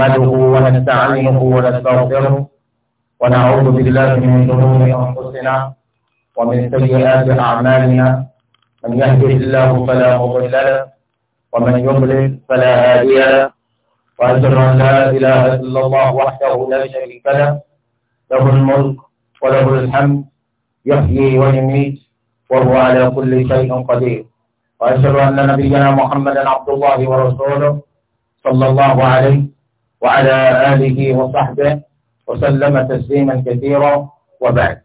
نحمده ونستعينه ونستغفره ونعوذ بالله من شرور أنفسنا ومن سيئات أعمالنا من يهده الله فلا مضل له ومن يضلل فلا هادي له وأشهد أن لا إله إلا الله وحده لا شريك له له الملك وله الحمد يحيي ويميت وهو على كل شيء قدير وأشهد أن نبينا محمدا عبد الله ورسوله صلى الله عليه وعلى آله وصحبه وسلم تسليما كثيرا وبعد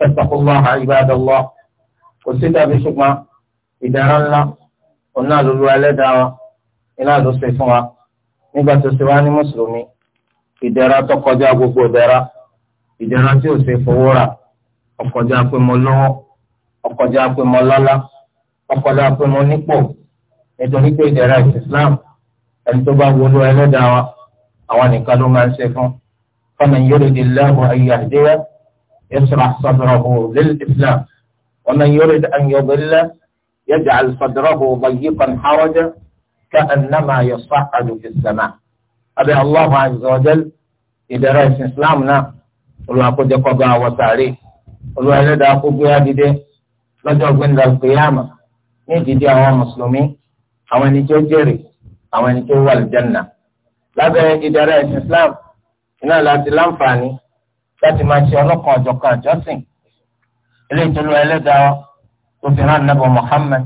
فاتقوا الله عباد الله وسيدا بشكما إذا رأى قلنا للوالد إلى لصفوا nígbà tó ṣe wá ní mùsùlùmí ìdẹ̀ra tó kọjá gbogbo ìdẹ̀ra ìdẹ̀ra tí ò ṣe fowó rà ọkọjá pé mo lọ́wọ́ ọkọjá pé mo lọ́lá ọkọjá pé mo nípò nítorí pé ìdẹ̀ra ìsìláàmù ẹni tó bá wọlé ẹlẹ́dàá wa àwọn nìkan ló máa ń ṣe fún faman yuridillahu an yahdiyahu yashrah sadrahu lil islam wa man yurid an yudillahu yaj'al sadrahu dayyiqan harajan ka'annama yas'adu fis sama' abẹ́ Allahu azza wa jal ìdẹ̀rẹ̀ ìsìn islam náà olùwàkójẹkọ̀gà àwọ̀sàrè olùwàlẹ́dà àkógbé adìdẹ lọ́jọ́ gbẹ̀ndà al lábẹ́ ìdára ẹ̀sìn Islam iná láti láǹfààní láti máa ṣe ọlọ́kan ọ̀jọ̀kan àjọsìn ilé ìtọ́lú ẹlẹ́dàá tó fi hàn nàbọ̀ Muhammad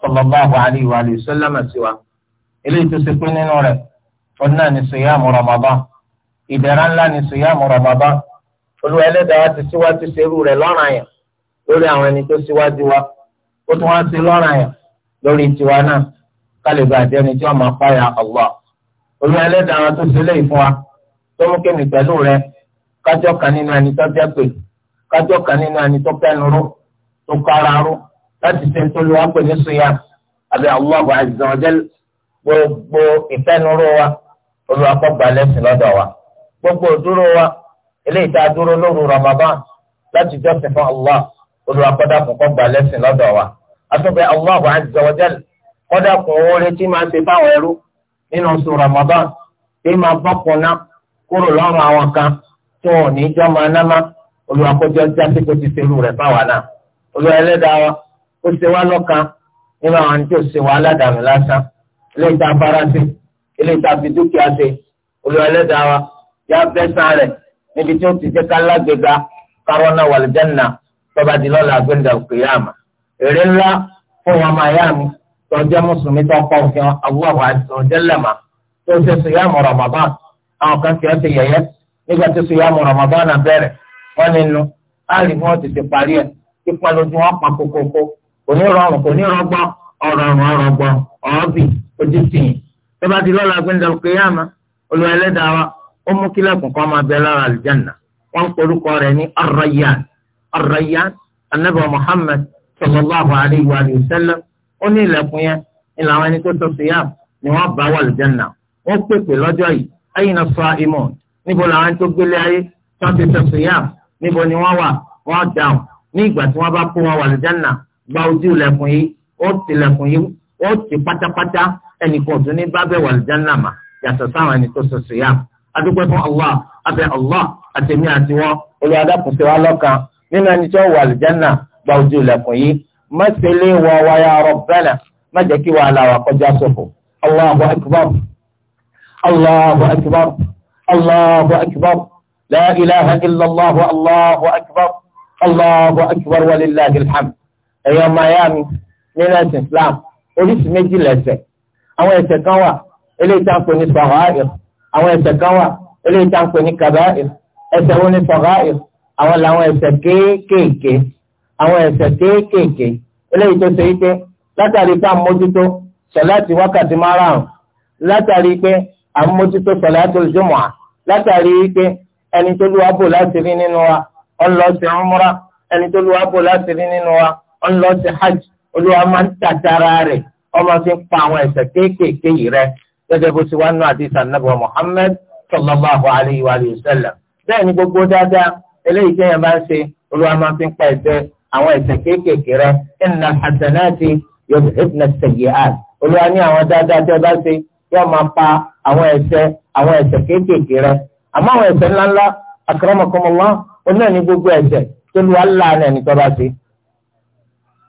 sallallahu alayhi wa sallam tiwa ilé ìtọ́sí pé nínú rẹ̀ òun náà ní sèyàmù Ramadan ìdára ńlá ní sèyàmù Ramadan olú ẹlẹ́dàá ti síwájú serú rẹ̀ lọ́ràn yẹn lórí àwọn ẹni tó síwájú wa ó tún wá sí lọ́ràn yẹn lórí tiwa náà kálíbà àti ẹni tí wọ́n máa pààyà Allah olú ẹlẹ́dàá wọn tó ṣẹlẹ̀ yìí fún wa tó mú kémi pẹ̀lú rẹ kájọ́ kan nínú ẹni tó jẹ́ pé kájọ́ kan nínú ẹni tó kẹ́nu ró tó kára ró láti ṣe tó lu wá pè ní suya àbí Allahu azza wa jal gbogbo ìfẹ́nuró wa olùwàkọ́gbà lẹ́sìn lọ́dọ̀ wa gbogbo dúró wa eléyìí tá a dúró lóru Ramadan láti jọ́sìn fún Allah olùwàkọ́dàkùnkọ́gbà lẹ́sìn lọ́dọ̀ wa àtúbẹ̀ Allahu azza wa jal kọ́dàkùn owó nínú oṣù Ramadan pé máa bọ́pọ̀ náà kúrò lọ́rùn àwọn kan tí wọn ò ní jọ́ máa ná má olùwàkójọ jáde kó ti ṣerú rẹ̀ báwa náà olùwà ẹlẹ́dàá wa ó ṣe wá lọ́kàn nínú àwọn tí ó ṣe wá aládàáni lásán ilé ìta bára sí ilé ìta fi sí olùwà ẹlẹ́dàá wa yá bẹ́sàn rẹ̀ níbi tí ó ti jẹ́ ká lágbèéga kárọ́nà wàlìjẹ́nà tọ́ba di lọ́la gbẹ̀ndà òkè yá àmà èrè ńlá fún wọn máa yá mi tọ́jọ́ mùsùlùmí tó kọ́ òfin àwùwàwà àdìsọ̀jẹ́lẹ̀mà tó ṣe sùyàmù ramadan àwọn kan fi ọ́ ti yẹ̀yẹ́ nígbà tó sùyàmù ramadan náà bẹ̀rẹ̀ wọ́n nínú láàrin wọn ti ti parí ẹ̀ pípa lójú wọn pa kókókó kò ní rọrùn kò ní rọgbọ́n ọ̀rọ̀rùn ọ̀rọ̀gbọ́n ọ̀ọ́bì ojú tìyìn tó bá di lọ́la gbẹ̀ndẹ̀lù kéyàmà olùwẹ̀lẹ́dàá wa ó mú kílẹ̀kùn kọ́ máa bẹ lára àlùjánnà wọ́n korúkọ rẹ̀ ní Ar-Rayyan Ar-Rayyan anabi Muhammad sallallahu alayhi wa sallam ó ní ilẹ̀kùn yẹn ni làwọn ẹni tó tó siyam ni wọ́n bá wà lùjẹ́nà wọ́n pèpè lọ́jọ́ yìí ẹ̀yìn náà sọ imọ̀ níbo làwọn ẹni tó gbélé ayé tó ti tó siyam níbo ni wọ́n wà wọ́n dáhùn ní ìgbà tí wọ́n bá kó wọn wà lùjẹ́nà gba ojú ilẹ̀kùn yìí ó ti ilẹ̀kùn yìí ó ti pátápátá ẹnìkan ọ̀dún ní bábẹ́ wà lùjẹ́nà mà yàtọ̀ sáwọn ẹni tó tó siyam adúgbò fún Allah abẹ Allah àtẹ̀mí mọ́sẹ̀lẹ̀ wọ wáyà rọ̀bẹ́nà má jẹ́ kí wàhálà wà kọjá sọ̀fọ̀ Allahu akbar Allahu akbar Allahu akbar la ilaha illallah Allahu akbar Allahu akbar walillahi alhamd ẹ̀yọ́ miami nínú ẹ̀sìn Islam oríṣi méjì lẹ́sẹ̀ àwọn ẹ̀ṣẹ̀ kan wà eléyìí tá à ń pè ní sọ̀háìr àwọn ẹ̀ṣẹ̀ kan wà eléyìí tá à ń pè ní ni sọ̀háìr àwọn làwọn ẹ̀ṣẹ̀ kéékèèké àwọn ẹ̀ṣẹ̀ kéékèèké eléyìí tó ṣe wípé látàrí pé àmójútó sọ̀láàtì wákàtí márùn-ún látàrí pé àmójútó sọ̀láàtì jùmọ̀à látàrí wípé ẹni tó lùwà bò láti rí nínú wa ọ̀nlọ́ sí umra ẹni tó lùwà bò láti rí nínú wa ọ̀nlọ́ sí hajj olúwa máa ń tàtàrà rẹ̀ ọmọ fi ń pa àwọn ẹ̀ṣẹ̀ kéékèèké yìí rẹ̀ gẹ́gẹ́ bó ti wá nù àdìsá nàbọ̀ Muhammad sallallahu alayhi wa sallam bẹ́ẹ̀ ni gbogbo dáadáa eléyìí tẹ́yàn bá ń ṣe olúwa máa fi ń pa ẹ̀ṣẹ̀ àwọn ẹ̀ṣẹ̀ kéékèèké rẹ ẹnna hasanati yudhibna sayyi'at olúwa ní àwọn dáadáa tẹ bá ṣe yóò máa pa àwọn ẹ̀ṣẹ̀ àwọn ẹ̀ṣẹ̀ kéékèèké rẹ àmọ́ àwọn ẹ̀ṣẹ̀ ńláńlá akramakumullah onáà ní gbogbo ẹ̀ṣẹ̀ tó lu aláàánú ẹni tó bá ṣe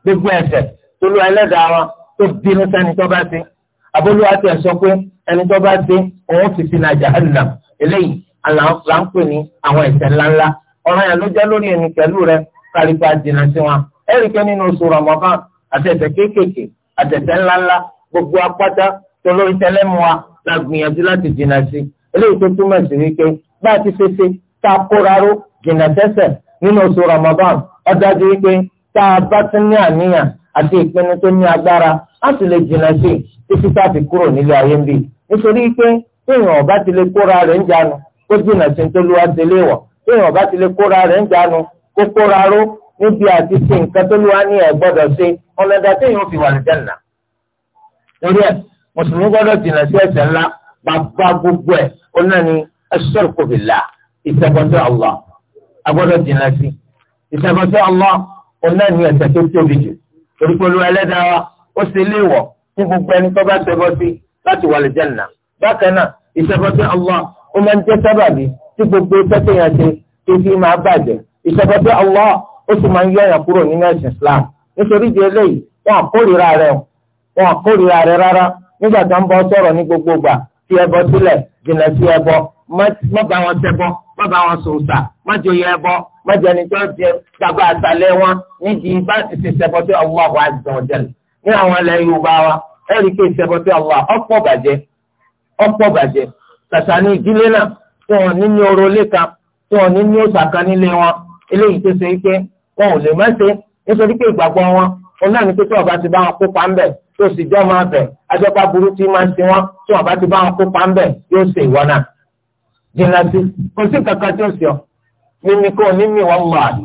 gbogbo ẹ̀ṣẹ̀ tó lu ẹlẹ́dàá wọn tó bínú sẹ́ni tó bá ṣe abolúwa ti ẹ̀ sọ pé ẹni tó bá ṣe òun fi sínú jahannam eléyìí là ní àwọn ẹ̀ṣẹ̀ ńláńlá ọ̀ràn yẹn ló jẹ́ lórí ẹni pẹ̀lú rẹ kárípà jìnnà sí wọn ẹ̀ríkẹ́ nínú oṣù Ramadan àtẹ̀tẹ̀ kéékèèké àtẹ̀tẹ̀ ńláńlá gbogbo apáta tolórí tẹlẹ́mu wa la gbìyànjú láti jìnnà sí eléyìí tó túmọ̀ sí wípé bá a ti fèsì tá a kóra ró jìnnà tẹ́sẹ̀ nínú oṣù Ramadan ó dájú wípé tá a bá tún ní àníyàn àti ìpinnu tó ní agbára láti lè jìnnà sí títí tá a fi kúrò nílé ayé ń nítorí pé téèyàn ọba ti lè kóra rẹ̀ ń jánu kó jìnnà sí tó lúwa kókó raró níbi àti ṣe nǹkan tó lùwà ní ẹ̀gbọ́dọ̀ ṣe ọ̀nà ìdá téèyàn fi wà ní jẹ́nà. torí ẹ̀ mùsùlùmí gbọ́dọ̀ jìnnà sí ẹ̀ṣẹ̀ ńlá bàbá gbogbo ẹ̀ ó náà ní aṣ-ṣirku billah ìṣẹ́gbọ́sẹ́ Allah agbọ́dọ̀ jìnnà sí ìṣẹ́gbọ́sẹ́ Allah ó náà ní ẹ̀ṣẹ̀ tó tóbi jù torí pé olúwa ẹlẹ́dàá wa ó ṣe léèwọ̀ fún gbogbo ẹni tó bá ṣẹbọ sí láti wà ní jẹ́nà bákan náà ìṣẹ́gbọ́sẹ́ Allah ó máa ń jẹ́ sábàbí tí gbogbo tó ìṣẹ́fẹ́fẹ́ Allah ó sì máa ń yọ̀yàn kúrò nínú ẹ̀sìn Islam nítorí di eléyìí wọn àkórìíra rẹ wọn àkórìíra rẹ rárá nígbà tó ń bọ sọ̀rọ̀ ní gbogbo gbà fi ẹbọ sílẹ̀ jìnnà sí ẹbọ má bá wọn ṣẹbọ má bá wọn sòòṣà má jòyè ẹbọ má jẹ ẹni tó jẹ dàgbà àtàlẹ wọn nídìí bá ti ṣẹbọ tí Allah wà dùn jẹlẹ ní àwọn ilẹ̀ Yorùbá wa ẹ̀rí pé ìṣẹbọ tí Allah ọ̀pọ̀ bàjẹ́ ọ̀pọ̀ bàjẹ́ tàṣà ní ìdílé náà tí wọn ní ní eléyìí tó ṣe wípé wọn ò lè má ṣe nítorí pé ìgbàgbọ́ wọn òun náà ní pé tí wọn bá ti bá wọn kópa ńbẹ tó sì jọ máa bẹ ajọpá burú tí máa ń ṣe wọn tí wọn bá ti bá wọn kópa ńbẹ yóò ṣe ìwọ náà jìnnà kò sí kankan tó ṣe ọ mímí kò ní mi wọn mọ àdì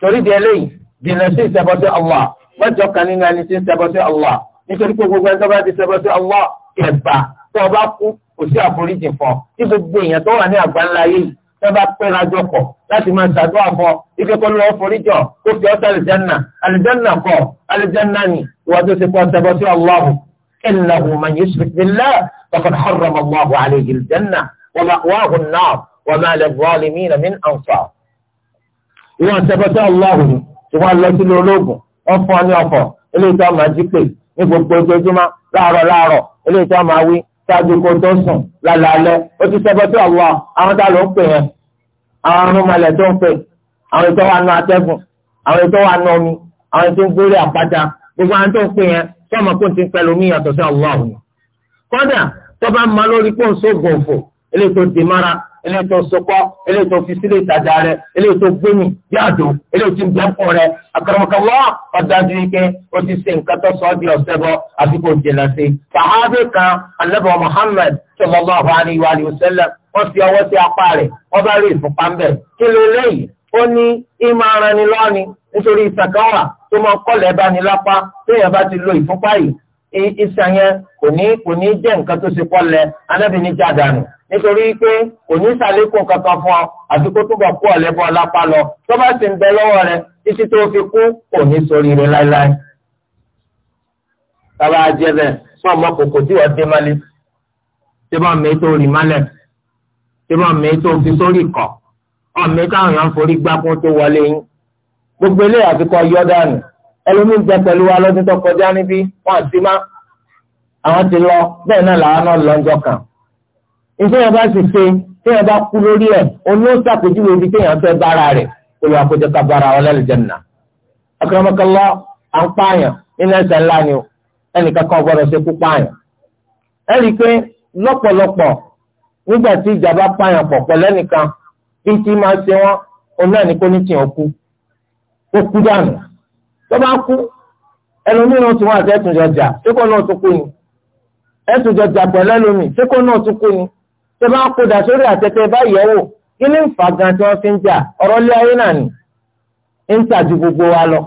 torí di eléyìí jìnnà sí ìṣẹbọ sí Allah mọjọ kan nínú ẹni tí ń ṣẹbọ sí Allah nítorí pé gbogbo ẹni tó bá ti ṣẹbọ sí Allah ẹ̀bà tó o bá kú kò sí àforíjì fún ọ tí gbogbo èèyàn tó láti máa ṣàdúrà fọ ife kó lọ foríjọ kó fi ọsẹ àlìjánà àlìjánà kọ àlìjánà ni ìwà tó ti kọ ṣẹbọ sí Ọlọ́run innahu man yushrik billahi faqad harrama Allahu alayhi aljanna wa ma'wahu an-nar wa ma lil-zalimina min ansar. ìwà ṣẹbọ sí Ọlọ́run ìwà lọ sí lọ́lọ́gùn ọ̀fọ̀ ní ọ̀fọ̀ eléyìí tó máa jí pé ní gbogbo ojoojúmọ́ láàárọ̀ láàárọ̀ eléyìí tó máa wí ṣáájú kó tó sùn lálẹ́ ó ti ṣẹbọ sí Ọlọ́run àwọn tá a lọ ń pè yẹn àwọn ọmọ malẹ̀ tó ń pè àwọn ètò wa nu atẹ́gùn àwọn ètò wa nu omi àwọn ètò ń gbórí àpáta gbogbo àwọn tó ń pè yẹn tí ọmọ kò ti ń pẹ́ lómi yàtọ̀ sí àwọn àwọn. kọ́dà tó bá ń ma lórí pọ̀ ń sóògùn òfò eléyìí tó di mara eléyìí tó sopọ̀ eléyìí tó fi sílé ìtajà rẹ̀ eléyìí tó gbẹ̀mí yáàdó eléyìí tó gbẹ̀kọ̀ rẹ̀ àkàràmọ̀kàwọ́ ọ̀dájú ike o ti ṣe nǹkan tó sọ ọ́ di ọ̀sẹ̀ bọ́ àti kò jìnnà sí i. sàhábì kan anábọ̀ Muhammad sallallahu alaihi wa sallam wọ́n fi ọwọ́ sí apá rẹ̀ wọ́n bá rí ìfúnpá ń bẹ̀ kí ló léyìí ó ní ìmọ̀ ara ni lọ́ni nítorí ìsàkánwà tó máa kọ́lẹ̀ bá ní lápá téèyàn bá ti lo ìfúnpá yìí iṣan yẹn kò ní kò ní jẹ́ nǹkan tó ṣe pọ́ lẹ anábì ní jàdánù nítorí pé kò ní sàlékún kankan fún ọ àti kó túbọ̀ kú ọ̀lẹ́bọ̀ lápá lọ tó bá sì ń bẹ lọ́wọ́ rẹ títí tó fi kú kò ní sórí rẹ láéláé. bàbá ajẹbẹ fún ọmọ kòkò tí wọn dé mọ́lẹ̀ tí wọn mi tó rì mọ́lẹ̀ tí wọn mi tó fi sórí kọ ọmọ mi káwọn yàn forí gbá kó tó wọlé yín gbogbo eléyàá fi kọ yọ dànù ẹlòmí ń jẹ pẹ̀lú wa lọ́dún tó kọjá níbí wọn àti má àwọn ti lọ bẹ́ẹ̀ náà làwọn náà lọ́jọ́ kan ìṣẹ́yìn bá sì ṣe téèyàn bá kú lórí ẹ̀ olóṣàpèjúwe ibi téèyàn fẹ́ bára rẹ̀ olùwà kó jẹ́ ká bára wọn lálùjánnà. akọ́nàmọ́kọ́lọ́ à ń pààyàn nínú ẹ̀ṣẹ̀ ńlá ni o ẹnìkan kan gbọ́dọ̀ ṣe kú pààyàn. ẹ rí i pé lọ́pọ̀lọpọ̀ nígbà tí ìjà bá pààyàn pọ̀ pẹ̀lú ẹnìkan bí tí máa ṣe wọ́n òun náà ní kó ní tiẹ̀ kú ó kú dànù tọ́ba kú ẹlòmíràn tún wà sẹ́tùn jọjà síkò náà tún kú ni ẹ̀tùn jọjà pẹ̀lú ẹlòmí síkò náà tún kú ni tọ́ba kú dà sórí àtẹ́tẹ́ báyìí ẹ̀wò kí ni nfa gan tí wọ́n fi ń jà ọ̀rọ̀ lé ayé náà ni ń tà ju gbogbo wa lọ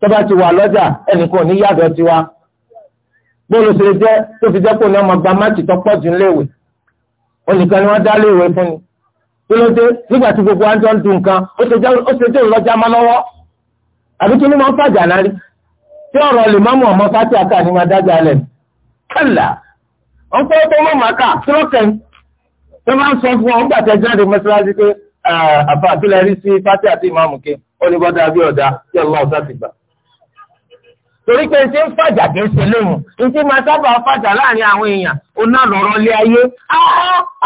tọ́ba ti wà lọ́jà ẹnìkan ní yàtọ̀ tiwa bóòlù ṣe jẹ́ tó fi jẹ́ kó ní ọmọ gba máàkì tó pọ̀ jù léèwé onìkan ni wọ́n dá léèwé fún ni kí ló dé nígbà tí gbogbo wa ń jọ ń dun nǹkan ó ṣe jẹ́ òun lọ́jà má lọ́wọ́ àbí kí ni máa ń fàjà náà rí tí ọ̀rọ̀ lè má mú ọmọ fátì àká ni máa dájà lẹ̀ kàlà wọn fẹ́ tó mọ̀ màkà tí wọ́n kẹ́ tó máa ń sọ fún ọ nígbà tẹ́ jáde mọ́ṣáláṣí pé àfa àtúlẹ̀ rí sí fátì àti ìmáàmù ké oníbọ́dá bí ọ̀dà tí ọlọ́ ọ̀sá ti gbà. torí pé ṣé ń fàjà kì í ṣe léhùn ìṣe máa sábà fàjà láàrin àwọn èèyàn oná lọ́rọ́ lé ayé.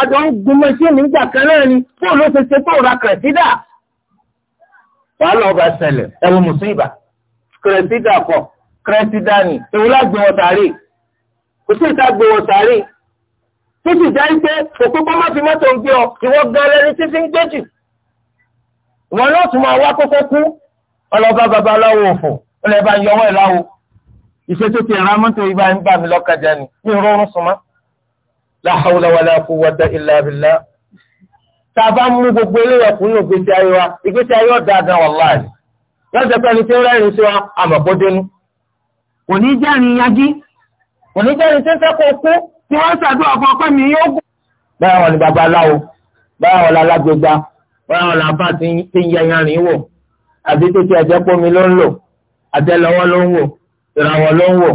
àjọ ń gun mọ́ṣíìnì nígbà kan náà ni fóònù ó ti ṣe fóònù wàhálà ọba ṣẹlẹ̀ ẹwọ mùsùlùmí kìrẹsìdà kọ kìrẹsìdà ni èwo lágbè wọn tàrí kò sí ìta gbè wọn tàrí tó sì já ipé òkú kọ́ má fi mọ́tò ń gbé ọ ìwọ gan lẹni tí fi ń gbé jù ìwọ náà tún máa wá kókó kú ọlọ́ba babaláwo òfò ọlọ́ba yọwọ́ ẹ̀ láwo ìṣètò ti ra mọ́tò ibà ń bà mí lọ́kàjà ni mi rọrùn sùnmọ́ la hawla wala quwwata illa tá a bá mú gbogbo eléyà kún ní ìgbésí ayé wa ìgbésí ayé wa dáadáa wàláhì yóò jẹ́ pé ẹni tí ń rẹ́rìn sí wa àmọ̀kódénú. kò ní jẹ́ ẹni yanjú kò ní jẹ́ ẹni tí ń sẹ́kọ̀ọ́ kú tí wọ́n ṣàdúrà fún ọpẹ́ mi yóò gùn. báyà wọn ni babaláwo báyà wọn la lágbègbà báyà wọn la bá ti ń yẹ yanrìn wò àbí títí ẹ̀jẹ̀ pómi ló ń lò àtẹlẹwọ́ ló ló ń wò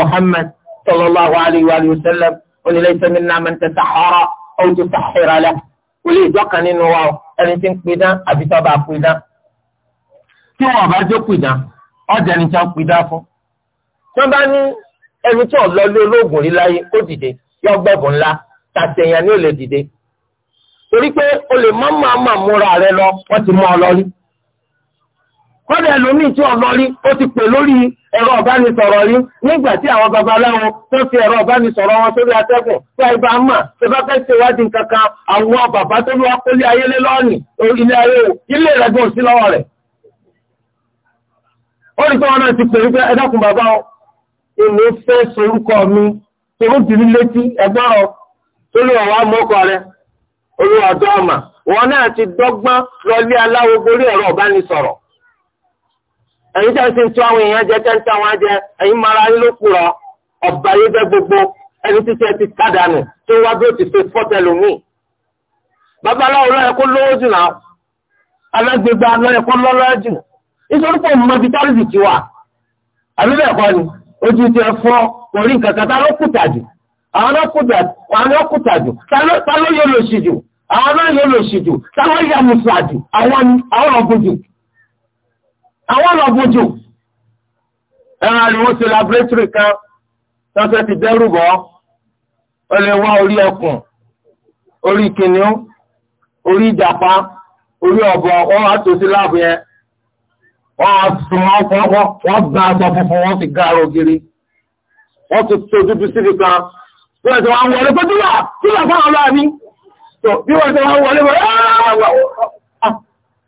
Muhammad صلى الله wa sallam ó ní laysa minna من tasahhara أو tusahhira له kò lè jọ́ka nínú wa ẹni tí ń pidán àbí tó bá pidán tí wọn bá jó pidán ọjà ni tí wọn pidán fún. tí wọn bá ní ẹni tí ọlọ lé olóògùn rí láyé kó dìde yọ gbẹbùn ńlá tàtẹyàn ni ó lè dìde torí pé o lè má máa múra rẹ lọ wọn ti mú ọ lọ rí kọ́dà lómi tí ọ̀nà rí ó ti pè lórí ẹ̀rọ ọ̀bánisọ̀rọ̀ rí nígbà tí àwọn babaláwo tó fi ẹ̀rọ ọ̀bánisọ̀rọ̀ wọn sórí atẹ́gùn tó ibà mà tó bá fẹ́ ṣe wádìí kankan àwọn bàbá tó lọ́wọ́ kó lé ayé lé lọ́ọ̀nì ilé ayé o ilé rẹ̀ gbọ́n sí lọ́wọ́ rẹ̀. ó rí sọ́wọ́n náà ti pè wípé ẹ dákun bàbá o èmi fẹ́ sorúkọ mi torúbìrì létí ẹgbọ́n ẹ̀yin tẹ́ ń sin àwọn èèyàn jẹ tẹ́ ń tẹ́ mara ọ̀bà gbogbo ẹni títí ẹ ti kádàánù tó wá bí ó ti ṣe fọ́tẹ̀ lómi. babaláwo lọ́yẹ kó lówó jù náà alágbègbè lọ́yẹ kó lọ́ jù nítorí pé mo a? tárìsì ti wà àbí bẹ́ẹ̀ kọ́ ni ojú ti ẹ orí nǹkan kan tá ló kùtà jù àwọn náà kùtà jù tá àwọn lọ bójú ẹran ariwo ṣe laboratory kan tọ́sẹ̀ ti dẹ́rù bọ́ ọ lè wá orí ẹkùn orí kìnìún orí ìjàpá orí ọ̀bọ wọn wá tó sí láàbù yẹn wọn á sùn wọn wọn gba aṣọ funfun wọn sì ga ara ògiri wọn ti tó dúdú síbi kan bí wọn ti wá ń wọlé pé túbà túbà fáwọn ọlọ́ọ̀ni bí wọn ti wá ń wọlé pé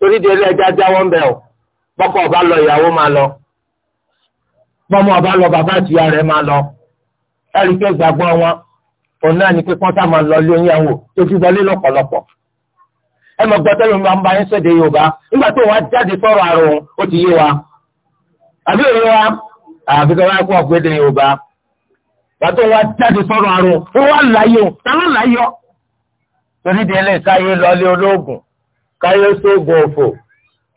torí di ẹlẹ́jà jáwọ́ ń bẹ̀ ọ́ bọ́kọ̀ ọba lọ ìyàwó máa lọ bọ́mọ ọba lọ bàbá àtìyá rẹ̀ máa lọ ẹ̀rí pé gbàgbọ́ wọn òun náà ni pé kọ́ńtà máa lọ lé oyin àwò tó lọ́pọ̀lọpọ̀ ẹ mọ̀ gbọ́dọ̀ ló máa ń bá yín Yorùbá yé wa àbí òun wa Yorùbá tó jáde sọ̀rọ̀ àrùn ó wà táwọn torí lọ káyọ̀ sóògùn òfò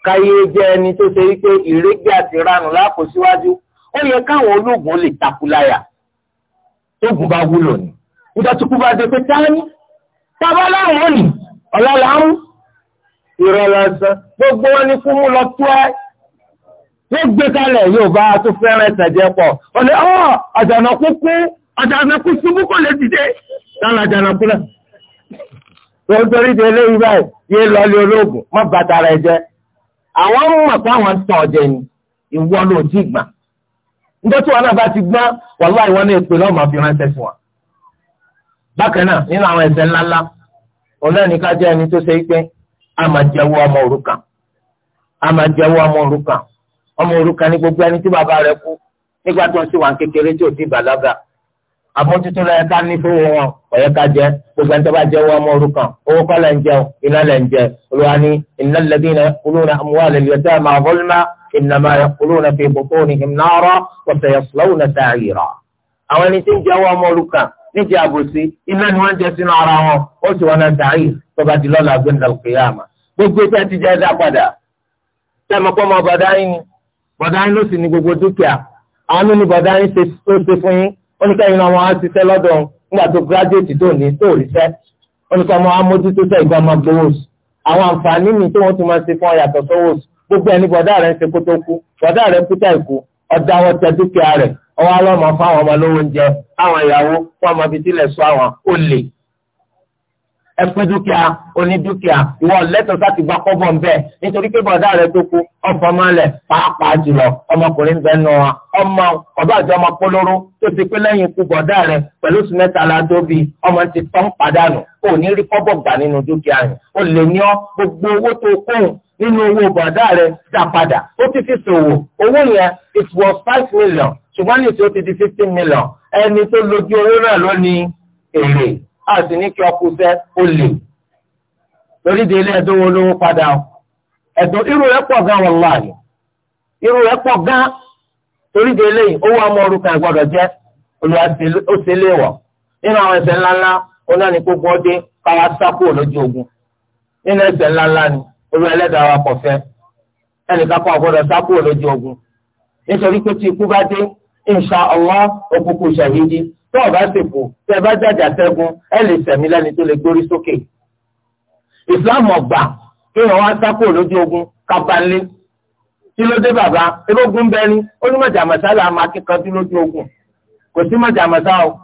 káyé jẹ́ ẹni tó ṣe wípé ìrégbé àti ranù lápò síwájú ó yẹ káwọn ológun lè takuláyà tóògùn bá wúlò ní. ìdọ̀tukú bá dé pé táwọn tábà láwọn òní ọ̀làlà ìrọ̀lọ́sán gbogbo wọn ni fún mú lọ tó ẹ́ yóò gbé kalẹ̀ yóò bá a tún fẹ́ràn ẹ̀sẹ̀jẹ̀ pọ̀ ó lè ọ́ ọ̀dànà kúkú ọ̀dànà kú ṣubú kò lè dìde lálàjànà kúlẹ̀. tó ń torí de eléyìí báyìí yé lọlé olóògùn má bàtà rẹ jẹ àwọn mọ̀ pé àwọn tàn ọ̀jẹ̀ ni ìwọ ló ti gbà nítorí wọn náà bá ti gbọ́n wàhálà ìwọ náà èpè lọ́mọ fi ránṣẹ́ sí wọn. bákan náà nínú àwọn ẹ̀ṣẹ̀ ńláńlá òun náà ní ká jẹ́ ẹni tó ṣe pé a máa jẹ́wọ́ ọmọ òrukàn a máa jẹ́wọ́ ọmọ òrukàn ọmọ òrukàn ní gbogbo ẹni tí bàbá rẹ̀ kú nígbà tó ń ṣe wà kékeré tí ò ti bàlágà àbójútó lọ yẹ ká ní fún wọn ọyẹ ká jẹ gbogbo ẹni tó bá jẹ wọn ọmọ òrukàn owó kọ́ lẹ̀ ń jẹun iná lẹ̀ ń jẹ olúwa ní iná lẹ́bí iná olúwa amúwá lè lè tẹ́ máa bọ́lúmá iná máa yẹ olúwa fi bùkún ní ìnáwó wọ́pẹ̀ yẹ fúláwù náà tá a àwọn ẹni tí ń jẹ wọn ọmọ òrukàn níjẹ àbòsí iná ni wọ́n jẹ sínú ara wọn ó sì wọn náà dàáyì tó ó ní kẹ́yìn náà wọ́n á ṣiṣẹ́ lọ́dọ̀ nígbà tó gírájúwèétì tó ní tó ríṣẹ́ ó ní kọ́ ọmọ amójútó sẹ́ ìgbà máa gbowó oṣù àwọn àǹfààní mi tó wọ́n tún máa ṣe fún ọ yàtọ̀ sówó oṣù gbogbo ẹni bọ̀dá rẹ̀ ń ṣe kó tó kú bọ̀dá rẹ̀ ń kú táì ọ̀dà wọn tẹ dúkìá rẹ̀ ọwọ́ alọ́mọ fún àwọn ọmọ lówó oúnjẹ ẹ̀pín dúkìá onídúkìá ìwọ lẹ́tọ̀ọ́ láti gba kọ́bọ̀ ń nítorí pé bọ̀dá rẹ tó kú ọ̀fọ̀ máa lẹ̀ pàápàá jùlọ ọmọkùnrin bẹ́ẹ̀ nù wọn ọmọ ọba àti ọmọ polówó tó ti pé lẹ́yìn ikú bọ̀dá rẹ pẹ̀lú sùmẹ́ta la ọmọ ti tán padànù kò ní rí kọ́bọ̀ gbà nínú dúkìá rẹ o lè ní ọ gbogbo owó tó kóhùn nínú owó bọ̀dá rẹ dá padà ó ti fi ṣòwò owó yẹn it was five million ṣùgbọ́n ní ìṣó ti di fifteen million ẹni tó lójú owó náà ló èrè a sì ní kí ọkùnrin fẹ́ ó lè lórí délé ẹ̀dọ́ padà o irú rẹ̀ pọ̀ gan wọn láàyè irú rẹ̀ pọ̀ gan torí délé owó amọ̀ọ́rù kan gbọ́dọ̀ jẹ́ olùwà nínú àwọn ẹ̀ṣẹ̀ ńláńlá onáni gbogbo ọdẹ káwá sápò lójú ogun nínú ẹ̀ṣẹ̀ ńláńlá ni olú ẹlẹ́dàá wa kọ̀ fẹ́ sápò lójú ogun nítorí pé tí insha allah òkùnkùn ṣàhídì tó o bá ṣèkù tẹ bá jàjà ṣẹ́gun ẹ lè sẹ̀mí lẹ́ni tó lè gbórí sókè. islam ọgbà kí wọn wá sákò lójú ogun kábàlẹ kí ló dé bàbá erógun bẹ ni ó ní mọ̀jà mọ̀sálà máa kíkanjú lójú ogun kò sí mọ̀jà mọ̀sá o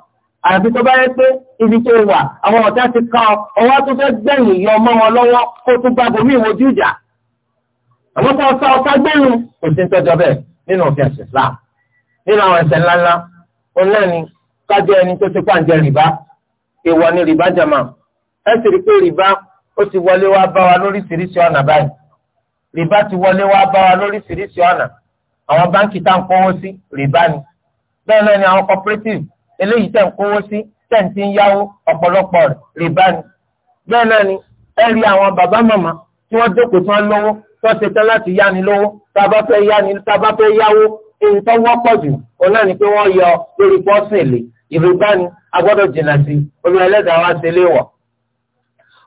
àti tó bá yẹ pé ibi tó wà àwọn ọ̀tá ti ká ọ ọwọ́ tó fẹ́ gbẹ̀yìn yọ ọmọ wọn lọ́wọ́ kó tó bá bomi ìwojú ìjà àwọn tó ọ̀sá ọ̀sá gbẹ̀yìn kò sí ń tọ́jọ́ bẹ́ẹ̀ nínú òfin ẹ̀sìn Islam nínú àwọn ẹ̀ṣẹ̀ ńláńlá òun náà ni kájọ ẹni tó ti pàǹjẹ rìbá èèwọ̀ ni rìbá jàmà ẹ sì rí pé rìbá ó ti wọlé wá bá wa lóríṣiríṣi ọ̀nà báyìí rìbá ti wọlé wá bá wa lóríṣiríṣi ọ̀nà àwọn báńkì tá à ń kówó sí rìbá ni bẹ́ẹ̀ náà ni àwọn cooperative eléyìí tẹ̀ ń kówó sí tẹ̀ ń ti ń yáwó ọ̀pọ̀lọpọ̀ rìbá ni bẹ́ẹ̀ náà ni ẹ rí àwọn bàbá màmá tí wọ́n jókòó tí wọ́n lówó tí wọ́n ṣetán láti yáni lówó tá a bá fẹ́ yáwó èyí tó wọ́pọ̀ jù òun náà ni pé wọ́n yọ lórí pọ́sìn lè ìrìbá ni a gbọ́dọ̀ jìnnà sí olú ẹlẹ́dàá wá sí léwọ̀.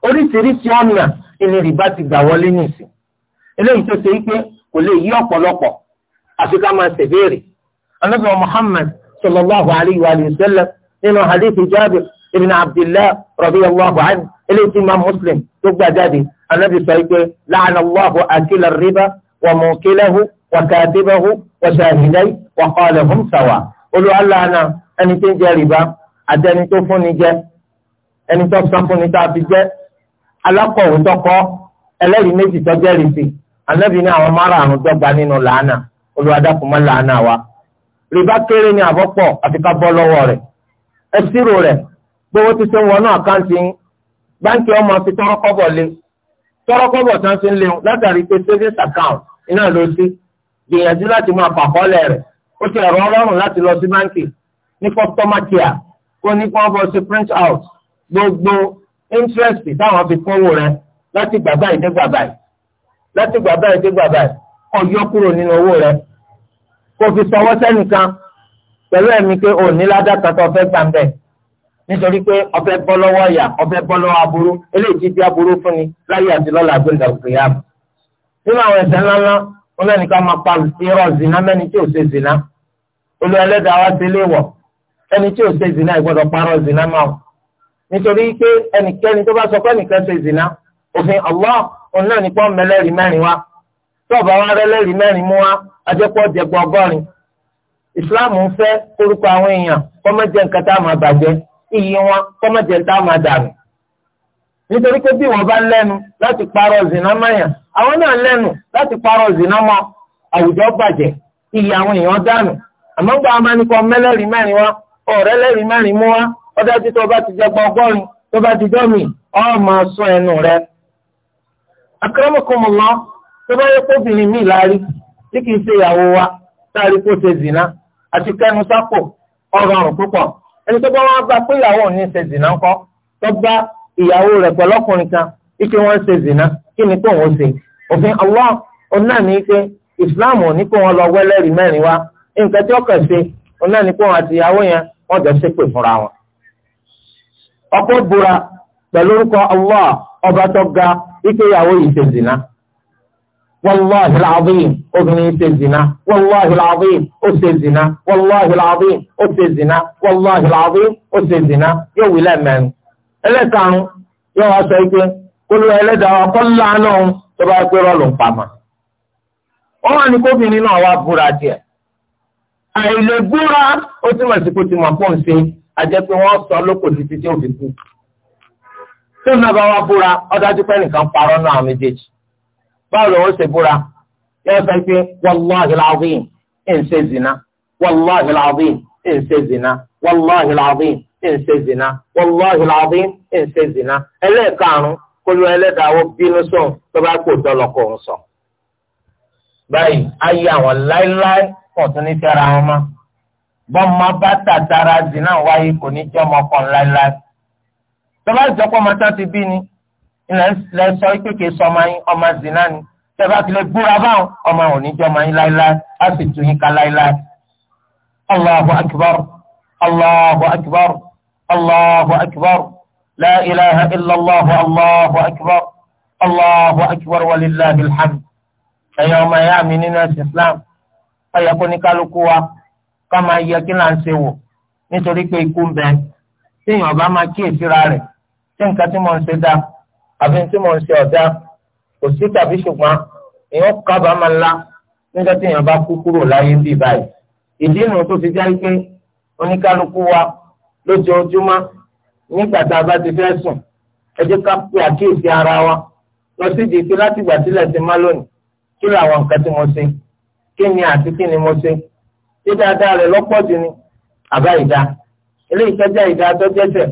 oríṣiríṣi ọ̀nà ìní rìbá ti gbà wọlé nìsín eléyìí tó ṣe pé kò lè yí ọ̀pọ̀lọpọ̀ àfi ká máa ṣèbéèrè. ànábì muhammad sallallahu alayhi wa sallam nínú hadithi jabir ibn abdillah radiyallahu anhu eléyìí tí muslim tó gbà jáde ànábì sọ pé la'ana allahu akila riba wa mukilahu wàkàtìbẹ̀hù wàṣàhìdáì wàkọ́ọ̀lẹ̀ fún sàwà olùwàlànà ẹni tó ń jẹ rìbá àti ẹni tó fúnni jẹ ẹni tó san fúnni tó a fi jẹ alákọ̀wé tọkọ ẹlẹ́rìí méjì tó jẹ́rìí sí anábì ní àwọn márààrún dọ́gba nínú làánà olùwàdàkùnmọ́ làánà wa rìbá kéré ni àbọ̀pọ̀ àti ká bọ́ lọ́wọ́ rẹ̀ ẹsírò rẹ̀ gbowó ti ṣe ń wọnú àkáǹtì báńkì ọmọ fi tọrọkọ́bọ̀ lé tọrọkọ́bọ̀ tán ti ń léwu látàrí pé savings account iná ló sí gbìyànjú láti máa pàkọ́lẹ̀ rẹ̀ ó ti ẹ̀rọ ọlọ́run láti lọ sí báńkì ní customer care kó ní kó bọ́ sí print out gbogbo interest táwọn fi kún owó rẹ láti gbà báyìí dé gbà báyìí láti gbà báyìí dé gbà báyìí kó yọ kúrò nínú owó rẹ kó fi sọwọ́ sẹ́nìkan pẹ̀lú ẹ̀mí pé ò ní ládàkà tó fẹ́ gbà ń bẹ̀ nítorí pé ọbẹ̀ bọ́ lọ́wọ́ ìyà ọbẹ̀ bọ́ lọ́wọ́ aburú eléyìí ti di aburú fún ni láyé àti lọ́la gbẹ̀dàgbẹ̀ yàrá nínú àwọn ẹ̀ṣẹ̀ ńláńlá wọn lẹ́nu ká máa pa irọ́ zina mẹ́ni tí ò ṣe zina olú ẹlẹ́dàá wá sí ilé wọ̀ ẹni tí ò ṣe zina ìgbọ́dọ̀ parọ́ zina máa o nítorí pé ẹnikẹ́ni tó bá sọ pé ẹnìkan ṣe zina òfin Allah òun náà nípa mẹlẹ́rìí mẹ́rin wá tó ọ̀bà wa rẹ́lẹ́rìí mẹ́rin mú wa ajẹ́pọ̀ jẹ̀gbọ́ ọgọ́rin Islam ń fẹ́ orúkọ àwọn èèyàn kọ́mọ́jẹ́ nǹkan tá a máa bàjẹ́ iyì wọn kọ́mọ́jẹ́ nǹkan tá a máa dànù nítorí pé bí wọ́n bá lẹ́nu láti parọ́ zina mayan àwọn náà lẹ́nu láti parọ́ zina mọ́ àwùjọ bàjẹ́ iye àwọn èèyàn dànù àmọ́ gba amánikọ́ mẹ́lẹ́rìí mẹ́rin wa ọ̀rẹ́ lẹ́rìí mẹ́rin mú wá ọdájú tó bá ti jẹgbọ́ tó bá ti jọ́ mi ọ́ máa sún ẹnu mi láàrí tí kìí ṣe ìyàwó wa táàrí kó ṣe zina àti kẹnu sápò ọ̀rọ̀ ọ̀rùn zina tó ìyàwó rẹ̀ pẹ̀lọ́kùnrin kan ike wọ́n ṣe zina kí ni kò wọ́n ṣe òfin Allah òun ní pé Islam ní kó wọn lọ wẹ́lẹ́rìí mẹ́rin wá nǹkan tí ọkọ̀ ṣe òun ní pé wọn àti ìyàwó yẹn wọ́n jọ ṣépè fúnra wọn. ọkọ orúkọ ike ìyàwó yìí ṣe zina wàláhi làbíyìn obìnrin ṣe zina wàláhi làbíyìn ó ṣe zina ó ṣe zina ó ṣe zina ẹlẹ́karùn yóò wá sọ pé kólú ẹlẹ́dàá wa kọ́ lánà òun tó bá pé rọ́ọ̀lù ń pamọ́. wọ́n wà ní kóbìnrin náà wá búra díẹ̀. àìlè búra ó sí kó ti mọ̀ pọ̀ ń ṣe àjẹ́ pé wọ́n sọ lóko títí kú. tó bá búra ọ̀dájú pé nìkan parọ́ náà méjèèjì. báwo ló ń ṣe búra ẹ̀ǹṣẹ̀ zina wàlláhi làbí ẹ̀ǹṣẹ̀ zina ẹlẹ́ẹ̀karùn bínú sọ̀n tó bá kó dọ́lọ́kọ̀ ń sọ. báyìí ayé àwọn láéláé kò tún ní tẹ́ra wọn mọ́ bá tàtàrà zina wáyé kò ní jẹ́ ọmọkàn láéláé. tó bá jọ pé ọmọ ti bí ni ilẹ̀ sọ kéèké sọ ọmọ ni tẹ́ bá tilẹ̀ الله أكبر لا إله إلا الله الله أكبر الله أكبر ولله الحمد ẹ̀yọ́mọ ẹ̀yà mi nínú ẹ̀sìn Islam ọ̀yẹ́ kó ní kálukú wa ká máa yẹ kí là ń ṣe wò nítorí pé ikú ń bẹ téèyàn bá máa kíyèsí ra rẹ̀ ṣé nǹkan tí mò ń ṣe dá àbí tí mò ń ṣe ọ̀dá kò sí tàbí ṣùgbọ́n èèyàn kábàámà ńlá nígbà téèyàn bá kú kúrò láyé bíi báyìí ìdí ìnù tó fi jẹ́ pé oníkálukú wa lójoojúmọ́ nígbà tá a bá ti fẹ́ sùn ara wa lọ síbi pé láti ìgbà sílẹ̀ ti má lónìí kí làwọn nǹkan tí mo ṣe kí ni àti kí ni mo ṣe ṣé dáadáa rẹ̀ lọ́pọ̀ jù ni àbá ìdá eléyìí tó jẹ́ ìdá tó jẹ́sẹ̀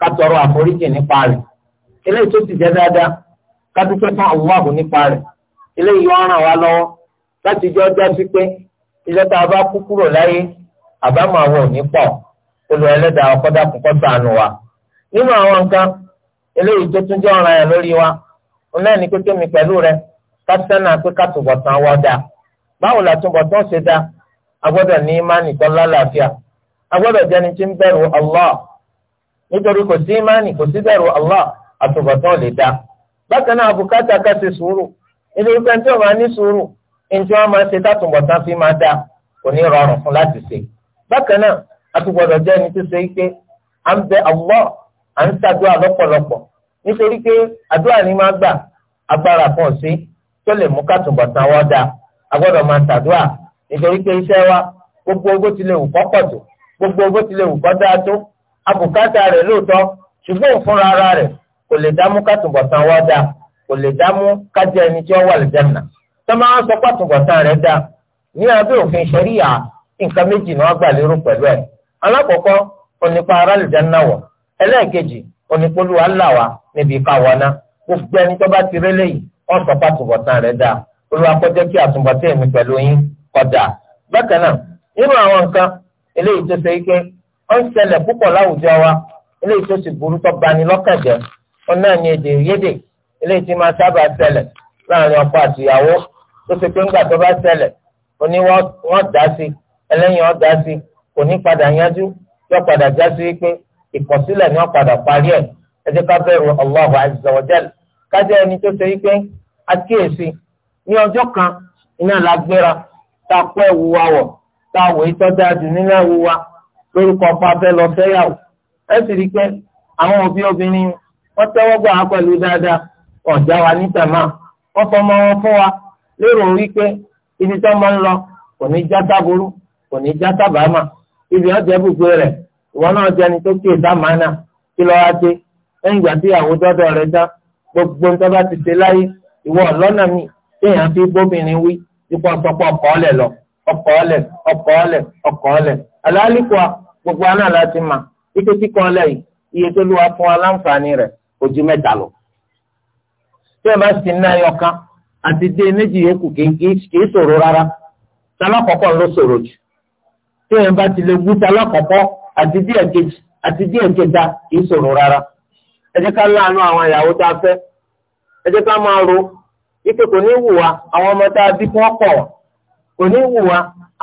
ká tọrọ àforíjì nípa rẹ̀ eléyìí tó ti jẹ́ dáadáa ká dúpẹ́ fún olùwà ẹlẹ́dàá ọkọ́dà kọ́kọ́ sànù wa nínú àwọn nǹkan eléyìí tó tún jẹ́ ọ̀ràn yẹn lórí wa òun náà ní mi rẹ kásánà pé kátùbọ̀tán wa dáa báwo la túbọ̀tán ṣe dáa agbọdọ ní imáànì tó lálàáfíà agbọdọ jẹni tí ń Allah nítorí kò sí kò sí Allah lè bákan náà sùúrù nítorí pé máa ní sùúrù fi máa kò ní àtúgbọ̀dọ̀ jẹ́ ẹni tó ṣe pé à ń bẹ àwọ̀ à ń ṣàdúrà lọ́pọ̀lọpọ̀ nítorí pé àdúrà ni máa gbà agbára kan sí tó lè mú kàtúbọ̀ tán wọ́n dáa agbọ́dọ̀ máa ṣàdúrà nítorí pé iṣẹ́ wa gbogbo owó ti lè wù kọ́ pọ̀ tó gbogbo owó ti lè wù kọ́ dáa tó abùkátà rẹ̀ lóòótọ́ ṣùgbọ́n fúnra ara rẹ̀ kò lè dámú kàtúbọ̀ tán wọ́n dáa kò lè dámú kájẹ́ ẹni tí wọ́n wà lè jẹ́nà tó máa ń sọ pàtúbọ̀ tán rẹ̀ ní abẹ́ òfin ṣẹ́ríyà nǹkan méjì ni wọ́n gbà lérò pẹ̀lú ẹ̀ alákọ̀ọ́kọ́ onípa ara àlùjáná wọ̀ ẹlẹ́ẹ̀kejì onípolú aláwa níbi kawana gbogbo ẹni tó bá ti rélé yìí wọ́n sọ pé àtúbọ̀tán rẹ̀ dáa Olúwa kó jẹ́ kí àtúbọ̀tán èmi pẹ̀lú yín kọjá bákan náà nínú àwọn nǹkan eléyìí tó ṣe ike ó ń ṣẹlẹ̀ púpọ̀ láwùjọ wa eléyìí tó sì burú tó bani lọ́kàn jẹ́ ó náà ní èdè yédè eléyìí tí máa sábà ṣẹlẹ̀ láàrin ọkọ àtìyàwó tó ṣe pé ńgbà tó bá ṣẹlẹ̀ oní wọ́n dá sí ẹlẹ́yìn ọ̀ dá sí kò ní padà yanjú yọ padà já sí pé ìkọ̀sílẹ̀ ni wọ́n padà parí ẹ̀ ẹ jẹ́ ká bẹ̀rù Allahu azza wa jal ká jẹ́ ẹni tó ṣe pé akíyèsí ní ọjọ́ kan iná la gbéra ta kọ́ ẹ̀wù wa wọ̀ ta wò é tọ́jú adùn nínú ẹ̀wù wa lórúkọ pàfẹ́ lọ fẹ́yàwó ẹ sì rí i pé àwọn òbí obìnrin wọ́n tẹ́wọ́ gbà á pẹ̀lú dáadáa ọ̀já wa ní wọ́n fọmọ wọn fún wa lérò wípé ibi tó máa ń lọ kò ní já sábúrú kò ní já sábàámà ibi ọjà ibùgbé rẹ ìwọ náà jẹ́ ẹni tó kí èdè àmàna kí lọ́ wá dé lẹ́yìn tí ìyàwó dá gbogbo nǹkan bá ti ṣe láyé ìwọ lọ́nà mi téèyàn fi bóbìnrin wí ipò ọ̀sọ́pọ̀ ọkọ̀ ọ̀lẹ̀ lọ ọkọ̀ ọ̀lẹ̀ ọkọ̀ gbogbo aná láti mà ike yìí iye tó lù wá fún lọ. tí ẹ bá sì ná ẹyọ kan àti dé méjì tí èèyàn bá ti lè wúta lákọ̀ọ́kọ́ àti díẹ̀ àti kẹta kì í rárá ẹ jẹ́ ká láàánú àwọn ìyàwó tá a fẹ́ ẹ jẹ́ ká máa ro ike kò ní wù wá àwọn ọmọ tá a bí kò ní wù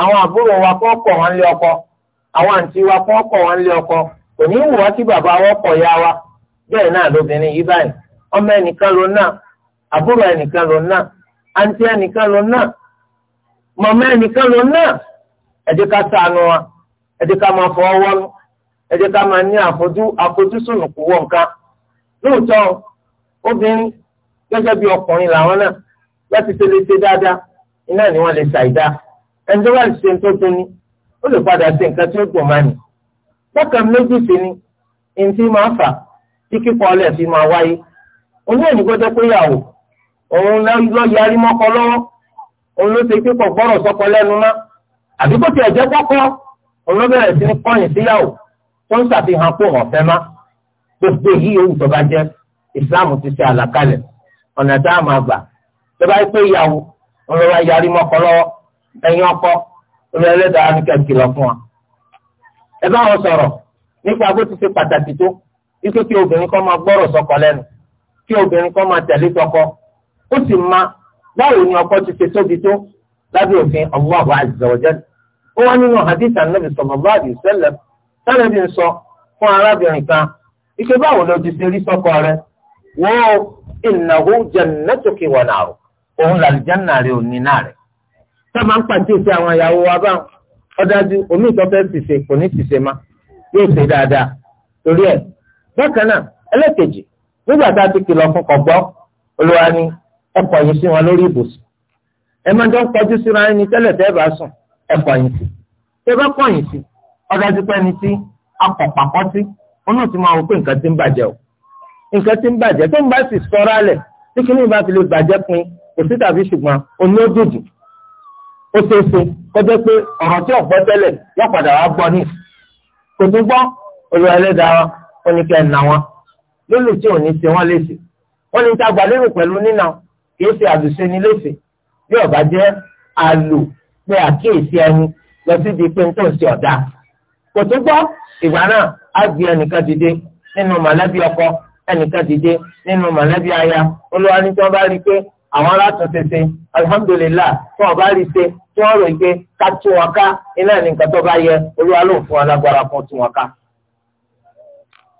àwọn àbúrò wa pọ̀ wọ́n àwọn àǹtí wa pọ̀ wọ́n kò ní wù kí bàbá wọn ya wa bẹ́ẹ̀ náà lóbìnrin báyìí ẹ jẹ́ ká ṣàánú wa ẹ ká máa fọ ọwọ́ nù ẹ ká máa ní àfojú àfojúsùn kò wọ nǹkan lóòótọ́ obìnrin gẹ́gẹ́ bí ọkùnrin làwọn náà láti ṣe ṣe dáadáa iná ni wọ́n lè ṣàìdá ẹni tó bá ṣe tó tó ní ó lè padà ṣe nǹkan tí ó dùn máa nì bákan méjì sí ni ẹni tí máa fà tí kíkọ ọlẹ fi máa wáyé oní ènìgbọ́dọ̀ pé yàwó òun lọ yarí mọ́kọ lọ́wọ́ òun ló ṣe kíkọ gbọ́rọ̀ sọ́kọ lẹ́nu náà àbí bó tiẹ̀ jẹ́ kọ́kọ́ ọ̀rọ̀ bẹ̀rẹ̀ sí ní kọ́yìn síyàwó tó ń ṣàfihàn pò hàn fẹ́ má gbogbo yìí òun tó bá jẹ́ Islam ti ṣe àlàkalẹ̀ ọ̀nà tá a máa gbà tó bá pé ìyàwó ọlọ́wà yarí mọ́kọ lọ́wọ́ ẹ̀yin ọkọ olú ẹlẹ́dàá ní kẹ̀kì lọ fún wa. ẹ bá wọn sọ̀rọ̀ nípa bó ti ṣe pàtàkì tó ikú kí obìnrin kan máa gbọ́rọ̀ sọ́kọ lẹ́nu kí obìnrin kan máa tẹ̀lé sọ́kọ ó sì máa báwo ni ọkọ ti ṣe tóbi tó lábẹ́ òfin Allahu azza wa jalla ó wá nínú hadith anabi sallallahu alaihi wasallam sálẹbi ń sọ fún arábìnrin kan ike báwo ló ti ṣe rí sọ́kọ rẹ̀ wọ́n innahu jannatuki wa naru òun làlùjánà rẹ̀ òní náà rẹ̀ sábà ń pàkíyèsí àwọn ìyàwó wa bá ọdájú omi ìtọ́fẹ́ ṣìṣe kò ní ṣìṣe ma yóò ṣe dáadáa torí ẹ̀ bákan náà ẹlẹ́kejì nígbà tá a ti kìlọ̀ fún kọ̀gbọ́ olúwa ni ẹ kọ̀yìn sí wọn lórí ibùsùn ẹ máa jọ ń kọjú síra ẹni tẹ́lẹ̀ tẹ́ bá sùn ẹ kọ̀yìn sí tẹ́ bá kọ̀yìn sí ọ̀dà ti pẹ́ ni tí akọ̀pàkọ́ sí wọn náà ti máa wọ pé nǹkan ti ń bàjẹ́ o nǹkan ti ń bàjẹ́ tó ń bá sì sọ́ra lẹ̀ tí kìíní ìbá fi lè bàjẹ́ pin kò sí tàbí ṣùgbọ́n oní ó dùn jù ó ṣe é ṣe kọjá pé ọ̀rọ̀ tí ọ̀gbọ́ tẹ́lẹ̀ yọ padà wá gbọ́ ní kò tún gbọ́ olùwà ẹlẹ́dàá wa ó ní kẹ́ ẹ̀ nà wọn lólù tí ò ní ṣe wọ́n léṣe wọ́n ní ta gbà pẹ̀lú nínà kì í ṣe àdùsẹ́ ni léṣe tí ọba jẹ́ àlò pé àkíyèsí ẹni lọ sí di pé n tó ṣe ọ̀dà kò tó gbọ́ ìgbà náà á gbé ẹnìkan dìde nínú mọ̀lẹ́bí ọkọ ẹnìkan dìde nínú mọ̀lẹ́bí aya olúwa ní tí wọ́n bá rí i pé àwọn alátúnṣe ṣe alihamudulilá tí wọ́n bá rí i ṣe tí wọ́n rò pé ká tú wọn ká iná ní tó bá yẹ olúwa ló ń fún wọn lágbára tú wọn ká.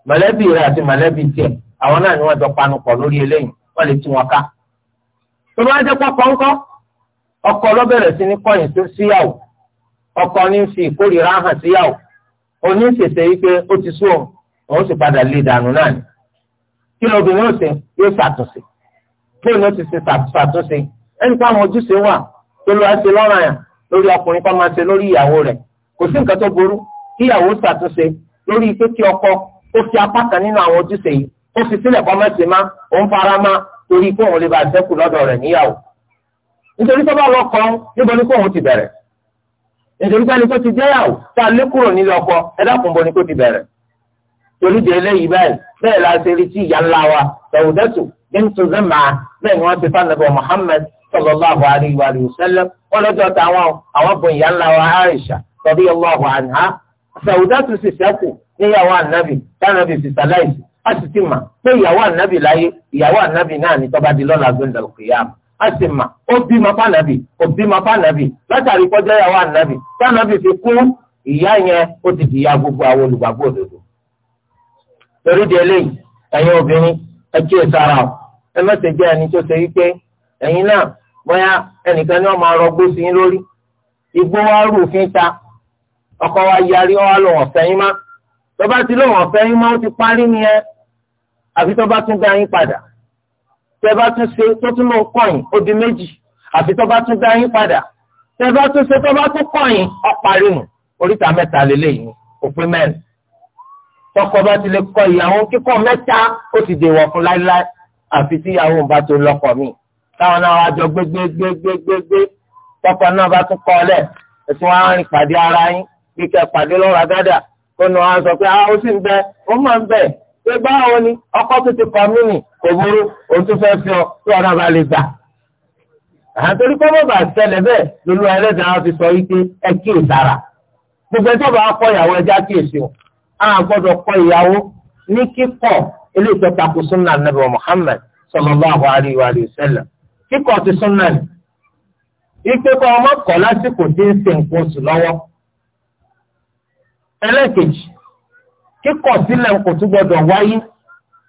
mọ̀lẹ́bí rẹ àti mọ̀lẹ́bí tiẹ̀ àwọn náà ni wọ́n jọ panu pọ̀ lórí eléyìí wọ́n lè tú wọn ká. tó bá jẹ́ pọ̀ kọ́ńkọ́ ọkọ ló bẹ̀rẹ̀ sí ní kọ̀yìn tó síyàwó ọkọ ní fi ìkórìíra hàn síyàwó òní ṣèṣe wípé ó ti sún òun ó sì padà lé dànù náà ni kí ni obìnrin ó ṣe yóò ṣàtúnṣe kí ni ó ti ṣe ṣàtúnṣe ẹni tó àwọn ojúṣe wà tó lọ́ọ́ ṣe lọ́rọ̀ yàn lórí ọkùnrin kan máa ṣe lórí ìyàwó rẹ̀ kò sí nǹkan tó burú kí ìyàwó ṣàtúnṣe lórí pé kí ọkọ ó fi apá kan nínú àwọn ojúṣe yìí ó fi sílẹ̀ kọ́ má òun fara má torí pé òun lè bá ṣẹ́kù lọ́dọ̀ rẹ̀ níyàwó nítorí tó bá lọ kọ níbo ni kò òun ti bẹ̀rẹ̀ nítorí pé ẹni tó ti jẹ́yàwó tá a lé kúrò nílé ọkọ ẹ dákun bo ni kò ti bẹ̀rẹ̀ torí di eléyìí báyìí bẹ́ẹ̀ la ṣe rí tí ìyá ńlá wa Sawudatu bintu Zam'a bẹ́ẹ̀ ni wọ́n ti fún Ànábì Muhammad sallallahu alayhi wa sallam wọ́n lọ́jọ́ táwọn àwọn bò ìyá ńlá wa Aisha radiyallahu anha Sawudatu sì sẹ́kù níyàwó ànábì tánàbì sì sàlàyé a sì ti mà pé ìyàwó ànábì láyé ìyàwó ànábì náà ní tọ́ba di lọ́la gbẹ̀ndàlùkìyàmù a sì mà ó bímọ fànàbì ó bímọ fànàbì látàrí kọjá ìyàwó ànàbì fànàbì fi kú ìyá yẹn ó ti di ìyá gbogbo àwọn olùgbàgbọ́ òdodo. torí di eléyìí ẹ̀yin obìnrin ẹ kí ẹ sára o ẹ mẹ́sẹ̀ jẹ́ ẹni tó ṣe wípé ẹ̀yin náà bóyá ẹnìkan ni wọ́n máa rọgbó sí yín lórí igbó wa rúfin ta ọkọ wa yarí ọ wa lòun ọ̀fẹ́ yín má tó bá ti lòun ọ̀fẹ́ yín má ó ti parí nìyẹn àfi tó bá tún dá yín padà tẹ bá tún ṣe tó tún lọ kọyìn ó di méjì àfi tó bá tún dá yín padà tẹ bá tún ṣe tó bá tún kọyìn ọparí nù oríta mẹ́ta lélẹyìn òpin mẹ́rin tọkọ bá ti lè kọ ìyàwó kíkọ mẹ́ta ó ti dèwọ̀ fún láíláí àfi tí ìyàwó ń bá tó lọ́kọ mi táwọn náà wá jọ gbégbégbégbégbé tọkọ náà bá tún kọ lẹ ẹsùn wa rìn pàdé ara yín kíkẹ pàdé lọ́rọ̀ agádà ó nu àwọn sọ pé ah, ó sì ń bẹ ó máa ń bẹ ṣé báwo ni ọkọ tó ti kọ́ mí nì kò burú òun tó fẹ́ fi ọ tó ọ̀nà bá lè gbà. àtòrí kọ́ bàbà ṣẹlẹ̀ bẹ́ẹ̀ lólu ẹlẹ́dàá ti sọ wípé ẹ sára gbogbo ẹjọ́ bá kọ́ ìyàwó o a gbọ́dọ̀ kọ́ ìyàwó ní kíkọ́ kíkọ̀ sílẹ̀ kò tún gbọdọ̀ wáyé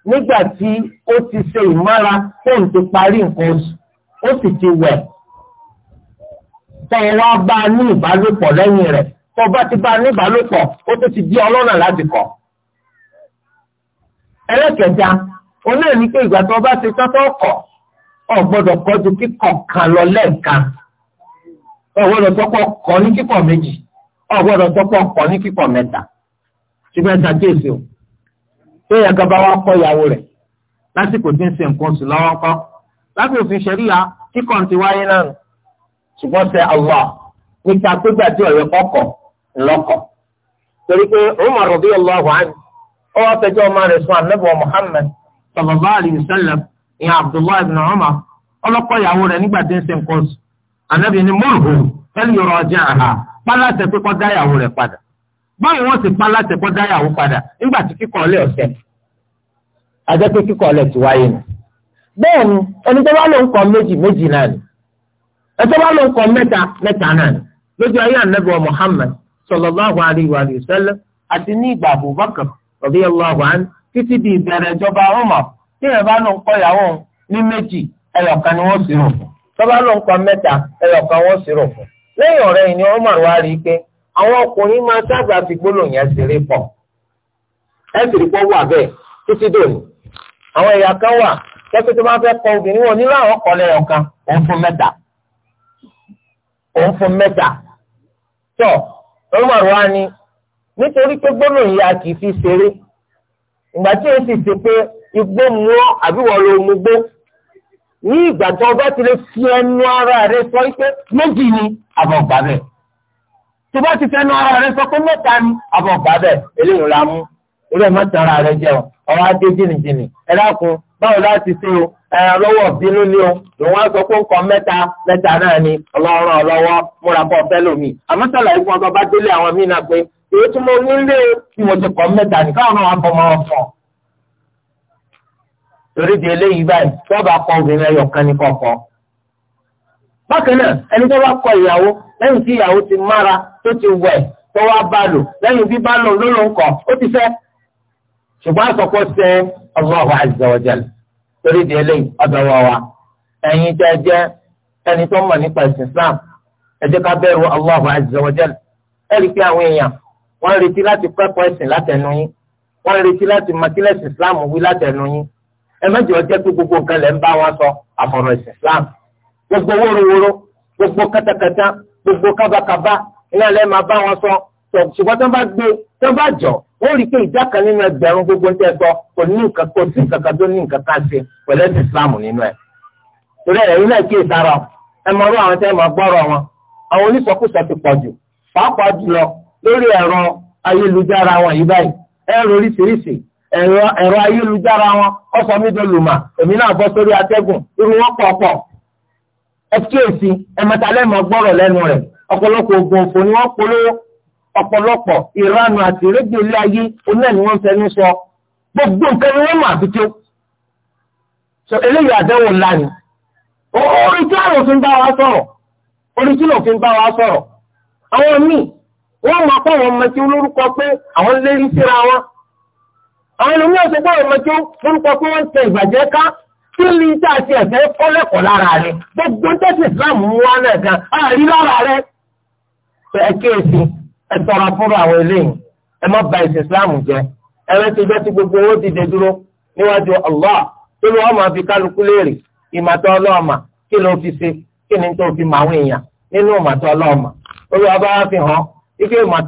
nígbà tí ó ti ṣe ìmára fóun ti parí nǹkan oṣù ó sì ti wẹ̀ tọ́wọ́ wá bá a ní ìbálòpọ̀ lẹ́yìn rẹ̀ tọ́ bá ti bá a ní ìbálòpọ̀ ó tó ti di ọlọ́nà láti kọ̀. ẹlẹ́kẹ̀ẹ́ta òun náà ní pé ìgbà tó bá ti tọ́tọ́ kọ̀ ọ̀ gbọ́dọ̀ kọ́ ju kíkọ̀ kan lọ lẹ́ẹ̀kan ọ̀ gbọ́dọ̀ tọ́pọ̀ kọ́ ní kíkọ̀ méjì ọ̀ gbọ́dọ̀ tọ́pọ̀ kọ́ ní kíkọ̀ mẹ́ta. ṣùgbọ́n ẹ̀ka kéèsì o ṣé ẹ̀ka bá wá kọ́ ìyàwó rẹ̀ lásìkò tí ń ṣe nǹkan oṣù lọ́wọ́ kọ́ lábẹ́ òfin ṣẹ̀ríya kíkọ́ ti wáyé náà nù ṣùgbọ́n ṣe àwọ̀ níta pégbà tí ọ̀yọ́ kọ́kọ́ ńlọ́kọ̀ torí pé ọmọ rẹ̀ Muhammad sallallahu Abdullahi ibn ọlọ́kọ̀ ìyàwó rẹ̀ nígbà nǹkan oṣù báwo wọ́n sì pa láti dáyàwó padà nígbà tí kíkọ́ ọ̀sẹ̀ ajẹ́ pé kíkọ́ ọ̀lẹ́ ti wáyé nù. bẹ́ẹ̀ ni ẹni tó bá lò ń méjì méjì náà ni ẹni tó mẹ́ta mẹ́ta náà ni lójú ayé wa alayhi wa sẹ́lẹ̀, àti ní ìgbà Abubakar títí di ìbẹ̀rẹ̀ àwọn ọkùnrin máa sábà fi gbólóhùn yẹn ṣeré pọ̀ ẹ sì rí pọ́ wà bẹ́ẹ̀ títí dòní àwọn ẹ̀yà kan wà tẹ́tí tó máa fẹ́ kọ obìnrin wọn nílò àwọn ọkọ̀ lẹ́yọ̀ kan òun fún mẹ́ta òun fún mẹ́ta tọ́ olùmọ̀rọ̀ wa ni nítorí pé gbólóhùn yẹn a kì í fi ṣeré ìgbà tí o sì ṣe pé igbó mu ọ àbí wọ́n lo omi gbó ní ìgbà tó o bá ti lè fi ẹnu ara rẹ sọ pé méjì ni àbọ̀gbà bẹ́ẹ̀. tó bá ti fẹnu ara rẹ sọ pé mẹ́ta ni àbọ̀ gbàbẹ̀ eléyìí la mú ara rẹ jẹ́ ọ̀rọ̀ adé jìnnìjìnnì ẹ dákun báwo láti ṣe o ẹran lọ́wọ́ bínú ni o ló wá sọ pé nǹkan mẹ́ta ni ọlọ́run ọlọ́wọ́ múra bọ́ fẹ́ lómi àmọ́ ọgbà bá délé àwọn náà pé èyí tí mo tí mo ti kọ́ mẹ́ta bákan náà ẹni tó bá kọ ìyàwó lẹ́yìn tí ìyàwó ti mára tó ti wẹ̀ tó wá bá lò lẹ́yìn bí bá lò ló ló ń kọ̀ ó ti fẹ́ ṣùgbọ́n àkọ́kọ́ sẹ́ Allahu azza wa jalla torí di eléyìí ọ̀dọ̀ wa wa ẹ̀yin tẹ́ jẹ́ ẹni tó mọ̀ nípa ẹ̀sìn Islam ẹ jẹ́ ká bẹ̀rù Allahu azza wa jalla ẹ rí i pé àwọn èèyàn wọ́n ń retí láti kẹ́kọ̀ọ́ ẹ̀sìn látẹnu yín wọ́n ń retí láti mọ kí Islam wí látẹnu yín ẹ mẹ́jọ jẹ́ pé gbogbo nǹkan lẹ́ ń bá wọn sọ àfọ̀rọ̀ ẹ̀sìn Islam gbogbo woroworo gbogbo katakata gbogbo kábàkábà iná lẹ́ẹ̀ máa bá wọn sọ ṣùgbọ́n tó bá gbé tó bá jọ wọ́n rí i pé ìdá kan nínú gbogbo ń tẹ́gbọ́ kò ní nǹkan kò sí nǹkan kan tó ní nǹkan kan ṣe pẹ̀lú ẹ̀sìn nínú ẹ̀. torí kí ẹ mọ àwọn tẹ́ máa gbọ́rọ̀ wọn àwọn ti pọ̀ jù pàápàá jùlọ lórí ẹ̀rọ ayélujára wọn yìí báyìí ẹ̀rọ oríṣiríṣi ẹ̀rọ ayélujára wọn ẹ kíyèsí ẹ̀mẹ́ta lẹ́mọ̀ gbọ́rọ̀ lẹ́nu rẹ̀ ọ̀pọ̀lọpọ̀ oògùn òfò ni wọ́n polówó ọ̀pọ̀lọpọ̀ ìranu àti ìrégbè ilé ayé oná ni wọ́n fẹnu sọ gbogbo nǹkan ni wọ́n mọ̀ àbíkí ó sọ eléyìí àdéhùn ńlá ni orí tí àrùn fi ń bá wa sọ̀rọ̀ orí tí lò fi ń bá wa sọ̀rọ̀ àwọn míì wọ́n mọ̀ pé àwọn ọmọ tí olórúkọ pé àwọn lérí síra wọn àwọn ẹlòmíràn sọ pé àwọn ọmọ tí olórúkọ pé wọ́n ń tẹ ìbàjẹ́ ká kí ni a ti ẹ̀fẹ́ kọ́lẹ́kọ̀ọ́ lára rẹ gbogbo ń Islam mú wa náà gan àárí lára rẹ. ẹ kíyèsí ẹ tọrọ fúnra àwọn eléyìí ẹ má Islam jẹ ẹ ti jẹ́ ti gbogbo owó dìde dúró níwájú Allah tó ló wà máa fi kálukú léèrè ìmàtọ́ ọlọ́ọ̀mà kí ló fi ṣe kí ni tó fi èèyàn nínú ike ìmàtọ́ ọlọ́ọ̀mà nǹkan ó fi èèyàn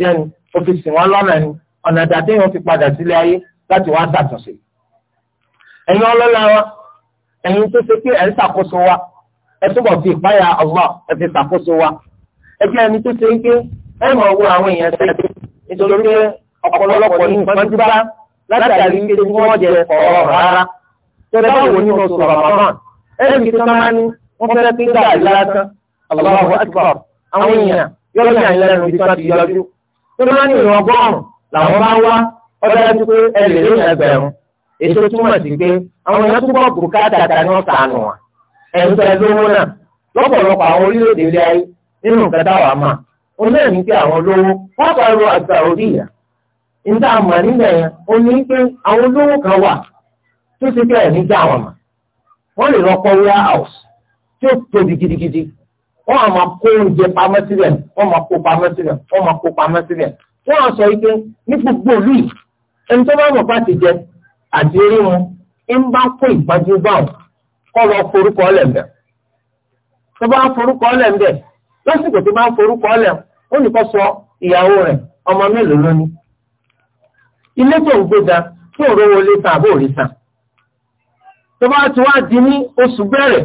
jẹ́ ni ó fi sìn wọ́n láti wá ṣàtúnṣe. ẹ̀yin ọlọ́lá wa ẹ̀yin tó ṣe pé ẹ̀ ń ṣàkóso wa ẹ túbọ̀ fi ìpáyà Allah ẹ fi ṣàkóso wa ẹ jẹ́ ẹni tó ṣe ń gbé ẹ mọ̀ owó àwọn èèyàn ṣe nítorí pé ọ̀pọ̀lọpọ̀ ní nǹkan tí bá látàrí pé tí wọ́n jẹ ọ̀rọ̀ rárá. tẹ́lẹ̀ báwo ni mo sọ̀rọ̀ màmá ẹ̀ ń fi tán máa ní wọ́n fẹ́rẹ́ pín gàrí lásán Allahu akbar àwọn èèyàn yọ́ọ́ ọjọ́ dájú pé e ló ń ẹgbẹ̀rún èso túmọ̀ sí pé àwọn èèyàn túbọ̀ bùkátà ta ni wọ́n sànù wọn ẹ̀rù tẹ lówó náà lọ́pọ̀lọpọ̀ àwọn orílẹ̀-èdè ilé ayé nínú nǹkan táwa mọ̀ ó náà ní pé àwọn olówó wọ́n kọ́ ẹrù àgbà orí ìyà níta àmọ́ nílẹ̀ yẹn ó ní pé àwọn olówó kan lọ wọ́n á máa kó oúnjẹ pamọ́ sílẹ̀ wọ́n máa kó pamọ́ sílẹ̀ ẹni tó bá mọ̀ bá ti jẹ àti rí wọn ń bá kó ìgbájú bá wọn kọ́ lọ forúkọ tó bá forúkọ lẹ́m̀bẹ̀ lásìkò tó bá forúkọ ó ìyàwó rẹ̀ ọmọ mélòó lónìí. ilé tó ń gbéga tí òró wọlé ta àbó òrí ta. tó bá ti wá di ní oṣù bẹ̀rẹ̀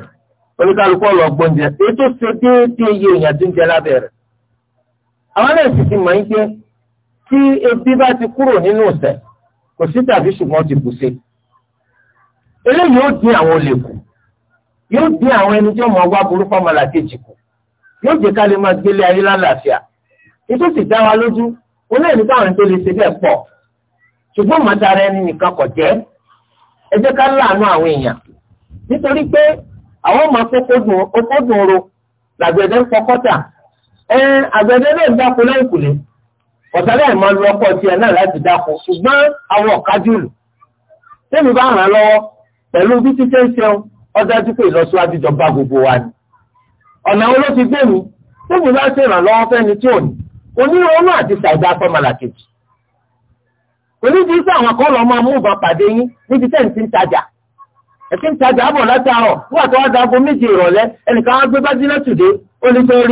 ọ̀lọ́ èyí tó ṣe déédéé iye èèyàn tó ń jẹ lábẹ́rẹ̀. àwọn ebi bá ti kúrò nínú ọ̀sẹ̀ kò sí tàbí ṣùgbọ́n ti kù sí. eléyìí yóò dín àwọn olè kù yóò dín àwọn ẹni tí ọmọ wa burúkú ọmọ làkejì kù yóò jẹ ká lè máa gbélé ayé lálàáfíà ètò sì dá wa lójú olóyìn nípa àwọn tó lè ṣe bẹ́ẹ̀ pọ̀ ṣùgbọ́n màtara ẹni nìkan kò jẹ́ ẹ jẹ́ ká láàánú àwọn èèyàn nítorí pé àwọn ọmọ akókòdùn oro làgbẹ̀dẹ ń fọkọ́tà ẹ àgbẹ̀dẹ náà ń dáko lẹ́yìnkùlé ọ̀tàlẹ́ àìmọ́ lu ọkọ̀ tiẹ̀ náà láti dáko ṣùgbọ́n àwọn ọ̀kájùlù tẹ́mi bá ràn án lọ́wọ́ pẹ̀lú bí títẹ́ ń ṣeun ọdájú pé ìlọsíwájú jọba gbogbo wa ni ọ̀nà wo ló ti gbé mi tẹ́mi bá ṣe ìrànlọ́wọ́ fẹ́ni tí ò ní onírúurú àti ṣàìdá fọ́mọlà kejì onídìí sí àwọn akọ́lọ́ máa mú ìbọn pàdé yín níbi tẹ́ ń ti ẹ̀sìn tajà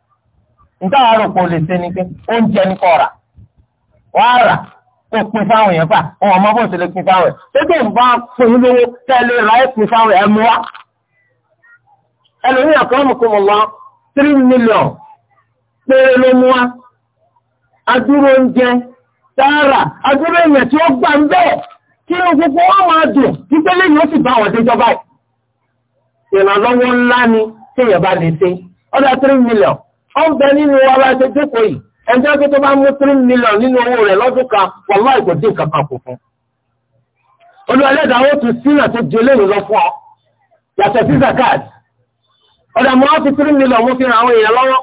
nítorí àárò kò lè ṣe ni pé oúnjẹ ní kọ́ ra wọ́n á rà kó pin fáwọn èèyàn fà wọn ọmọ bó ṣe pin fáwọn ẹ̀ tó bá fún lówó tẹ́lẹ̀ ra pin fáwọn ẹ̀ mú wa ẹlòmíràn kan mú mọ̀ wá three million péré ló mú wa adúró oúnjẹ tààrà adúró èèyàn tí ó gbà ń bẹ́ẹ̀ kí ló gbogbo wọn máa dùn títí lẹ́yìn ó sì bá wọn déjọba ìrànlọ́wọ́ ńlá ni téèyàn bá lè ṣe ọ̀dà three million. ó ń nínú ọlá ẹsẹ jókòó yìí ẹjọ́ pé tó bá mú million nínú owó rẹ̀ lọ́dún ka wàhálà ìgò dín fún. olú to tún sílẹ̀ tó di lọ fún ọ yàtọ̀ sí zakat ọ̀dà fi million mo fi ràn àwọn èèyàn lọ́wọ́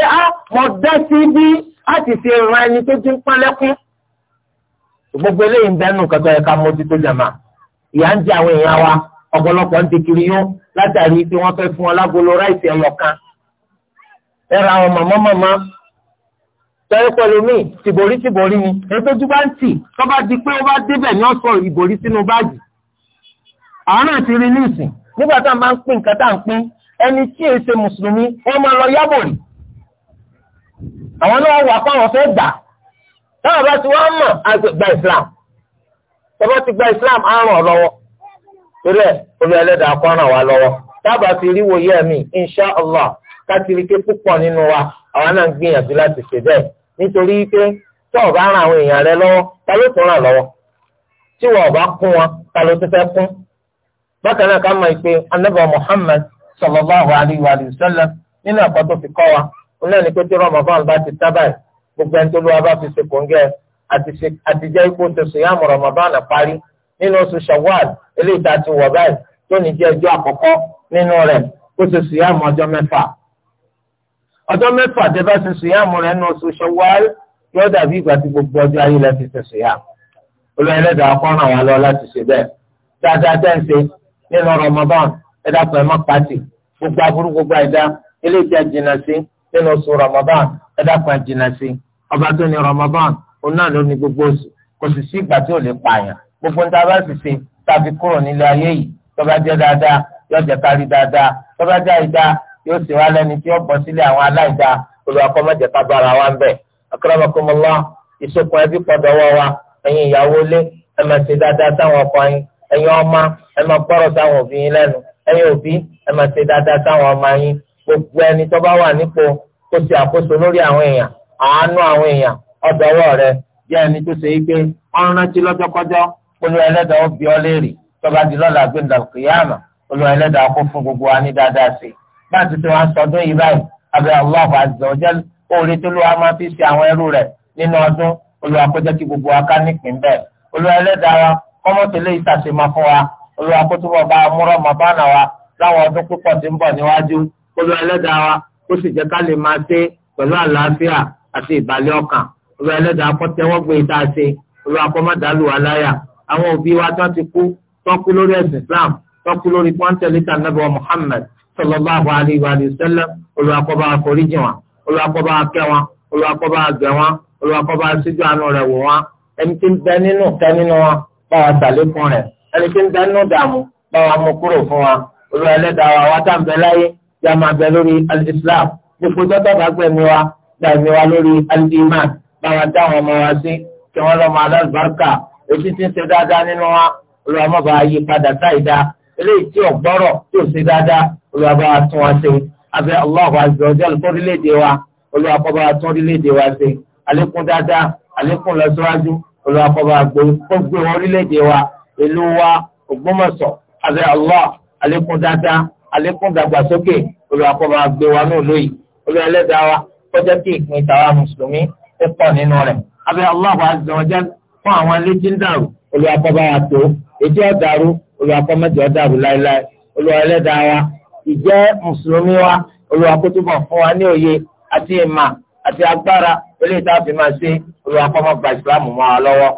a ah, mọ̀ dá sí bí a ti fi ẹni tó dín pálẹ́kún. gbogbo eléyìí ń tó jẹ ọ̀pọ̀lọpọ̀ ń di kiri yó látàrí pé wọ́n fẹ́ fún ọ lágolo ráìsì ẹyọ kan ẹ̀rọ àwọn mọ̀mọ́ mọ̀mọ́ tẹ́lẹ̀ pẹ̀lú mi tìbòrí tìbòrí ni ètòjú bá ń tì tó bá di pé ó bá débẹ̀ ní ọ̀sọ̀ ìbòrí sínú báàgì àwọn náà ti rí níìsín nígbà tá a máa ń pín nǹkan tá à ń pín ẹni tí èyí ṣe mùsùlùmí wọ́n máa lọ yábòrì àwọn náà wà fáwọn fẹ́ gbà táwọn bá ti wá mọ̀ àgbà Islam tọ́ba ti gba Islam á ràn lọ́wọ́ torí ẹ omi ẹlẹ́dàá kọ́ ràn wá lọ́wọ́ dábàá ti rí wòye ẹ̀mí insha allah kátìríkè púpọ̀ nínú wa àwọn náà ń gbìyànjú láti ṣe bẹ́ẹ̀ nítorí pé tí o bá ran àwọn èèyàn rẹ lọ́wọ́ ta ló tún ràn lọ́wọ́ tí wọn ò bá kún wọn ta ló tún fẹ́ kún. bákan náà ká mọ̀ pé anábọ̀ muhammad sallallahu alayhi wa sallam nínú ẹ̀kọ́ tó fi kọ́ wa òun náà ní pé tí ramadan bá ti tábà gbogbo ẹni tó lọ́wọ́ bá fi ṣe kòńgẹ́ àtijọ́ ipò tó ṣe yá mọ̀ ramadan parí nínú oṣù shawwal eléyìí tá a ti wọ̀ báyìí lónìí jẹ́ ọjọ́ àkọ́kọ́ nínú rẹ̀ kó ṣe sùyàmù ọjọ́ mẹ́fà ọjọ́ mẹ́fà tẹ́ bá ṣe sùyàmù rẹ̀ nínú oṣù shawwal yóò dàbí ìgbà tí gbogbo ọjọ́ ayé lẹ́ fi ṣe sùyàmù olóyè lẹ́dàá kọ́ràn wá lọ láti ṣe bẹ́ẹ̀ dáadáa tẹ́ nínú Ramadan ẹ̀dá pẹ̀ mọ́ pàtì gbogbo aburú gbogbo àìdá eléyìí tẹ́ Ramadan ẹ̀dá pẹ̀ jìnnà sí Ramadan òun náà ló ní gbogbo oṣù kò sì sí ìgbà tí ò lè pààyàn gbogbo ń ta bá sì ṣe tàbí kúrò nílé ayé yìí tó bá jẹ́ dáadáa yóò jẹ́ kárí dáadáa tó bá jẹ́ àìdá yóò sì wá lẹ́ni tí ó bọ́ sílé àwọn aláìdá olùwàkọ́ mọ̀jẹ̀ ká bára wa ń bẹ̀. akramakumullah ìsopọ̀ ẹbí pọ̀dọ̀wọ́ wa ẹ̀yin ìyàwó ilé ẹ máa ṣe dáadáa sáwọn ọkọ yín ẹ̀yin ọmọ ẹ máa gbọ́rọ̀ sáwọn òbí yín lẹ́nu ẹ̀yin òbí ẹ máa ṣe dáadáa sáwọn ọmọ olùwà ẹlẹ́dàá ó bí ọ léèrè tọ́ba di lọ́la gbẹ̀ndà kìyàmà olùwà ẹlẹ́dàá kó fún gbogbo wa ní dáadáa sí i bá a ti ti wá sọdún yìí báyìí abẹ́ Allahu azza wa jal oore tó lọ́wọ́ máa fi ṣe àwọn ẹrú rẹ̀ nínú ọdún olùwà kó kí gbogbo wa ká nípìn bẹ́ẹ̀ olùwà ẹlẹ́dàá wa kọ́mọ́tẹ́lẹ́ ìtàṣemá fún wa olùwà kó túbọ̀ bá múrọ̀ mọ́ bánà wa láwọn ọdún púpọ̀ tí ń àwọn òbí wa tó ti kú tó kú lórí ẹ̀sìn Islam tó kú lórí pọ́ńtẹ̀lítà nàbẹ̀ wa Muhammad sallallahu alayhi wa sallam olùwàkọ́bá àforíjì wọn olùwàkọ́bá akẹ́ wọn olùwàkọ́bá àgbẹ̀ wọn olùwàkọ́bá síjú àánú rẹ̀ wò wọn ẹni tí ń bẹ nínú kẹ́ nínú wọn báwa sàlékún rẹ̀ ẹni tí ń bẹ nínú dààmú báwa mú kúrò fún wa olùwà wa wá èyí tí ń ṣe dáadáa nínú wa olùwàmọ́ba yí padà sáìdá eléyìí tí ò gbọ́rọ̀ tí ò ṣe dáadáa olùwàmọ́ba tún wa ṣe abẹ́ Allahu azza wa jalla tó orílẹ̀-èdè wa olùwàmọ́ba tún orílẹ̀-èdè wa ṣe àlékún dáadáa àlékún lọ́síwájú olùwàmọ́ba gbogbo orílẹ̀-èdè wa ìlú wa Ògbómọ̀ṣọ́ abẹ́ Allah àlékún dáadáa àlékún dàgbàsókè olùwàmọ́ba gbé wa fún àwọn ilé tí ń dàrú Olúwa kó bá wa tó ètò ọ̀dàrú Olúwa kó má jẹ́ ó dàrú láéláé Olúwa ẹlẹ́dàá wa ìjẹ́ mùsùlùmí wa Olúwa kó túbọ̀ fún wa ní òye àti ìmà àti agbára eléyìí tá a fi máa ṣe Olúwa ìsìlámù mọ́ wa lọ́wọ́.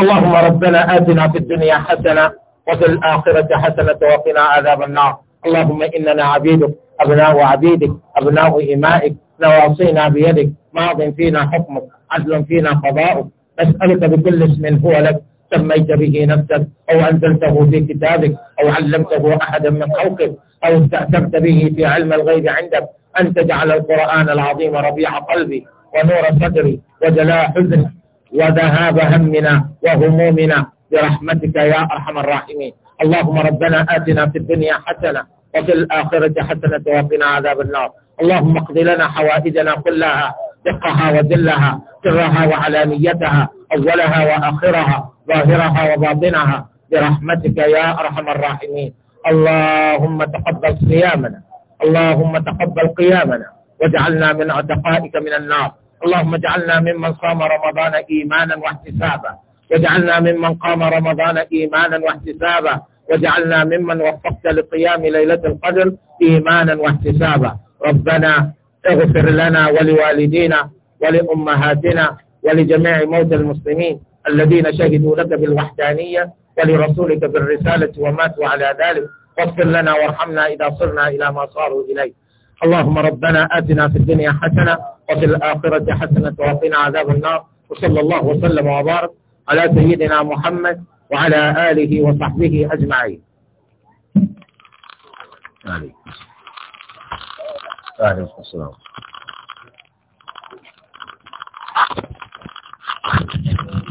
اللهم ربنا آتنا في الدنيا حسنة وفي الآخرة حسنة وقنا عذاب النار اللهم إننا عبيدك أبناء عبيدك أبناء إمائك نواصينا بيدك ماض فينا حكمك عدل فينا قضاؤك أسألك بكل اسم هو لك سميت به نفسك أو أنزلته في كتابك أو علمته أحدا من خلقك أو استأثرت به في علم الغيب عندك أن تجعل القرآن العظيم ربيع قلبي ونور صدري وجلاء حزني وذهاب همنا وهمومنا برحمتك يا أرحم الراحمين اللهم ربنا آتنا في الدنيا حسنة وفي الآخرة حسنة وقنا عذاب النار اللهم اقض لنا حوائجنا كلها دقها وذلها سرها وعلانيتها أولها وآخرها ظاهرها وباطنها برحمتك يا أرحم الراحمين اللهم تقبل صيامنا اللهم تقبل قيامنا واجعلنا من عتقائك من النار اللهم اجعلنا ممن صام رمضان إيمانا واحتسابا واجعلنا ممن قام رمضان إيمانا واحتسابا واجعلنا ممن وفقت لقيام ليلة القدر إيمانا واحتسابا ربنا اغفر لنا ولوالدينا ولأمهاتنا ولجميع موتى المسلمين الذين شهدوا لك بالوحدانية ولرسولك بالرسالة وماتوا على ذلك واغفر لنا وارحمنا إذا صرنا إلى ما صاروا إليه اللهم ربنا آتنا في الدنيا حسنة وفي الآخرة حسنة وقنا عذاب النار وصلى الله وسلم وبارك على سيدنا محمد وعلى آله وصحبه أجمعين عليكم. وعليكم السلام Thank you.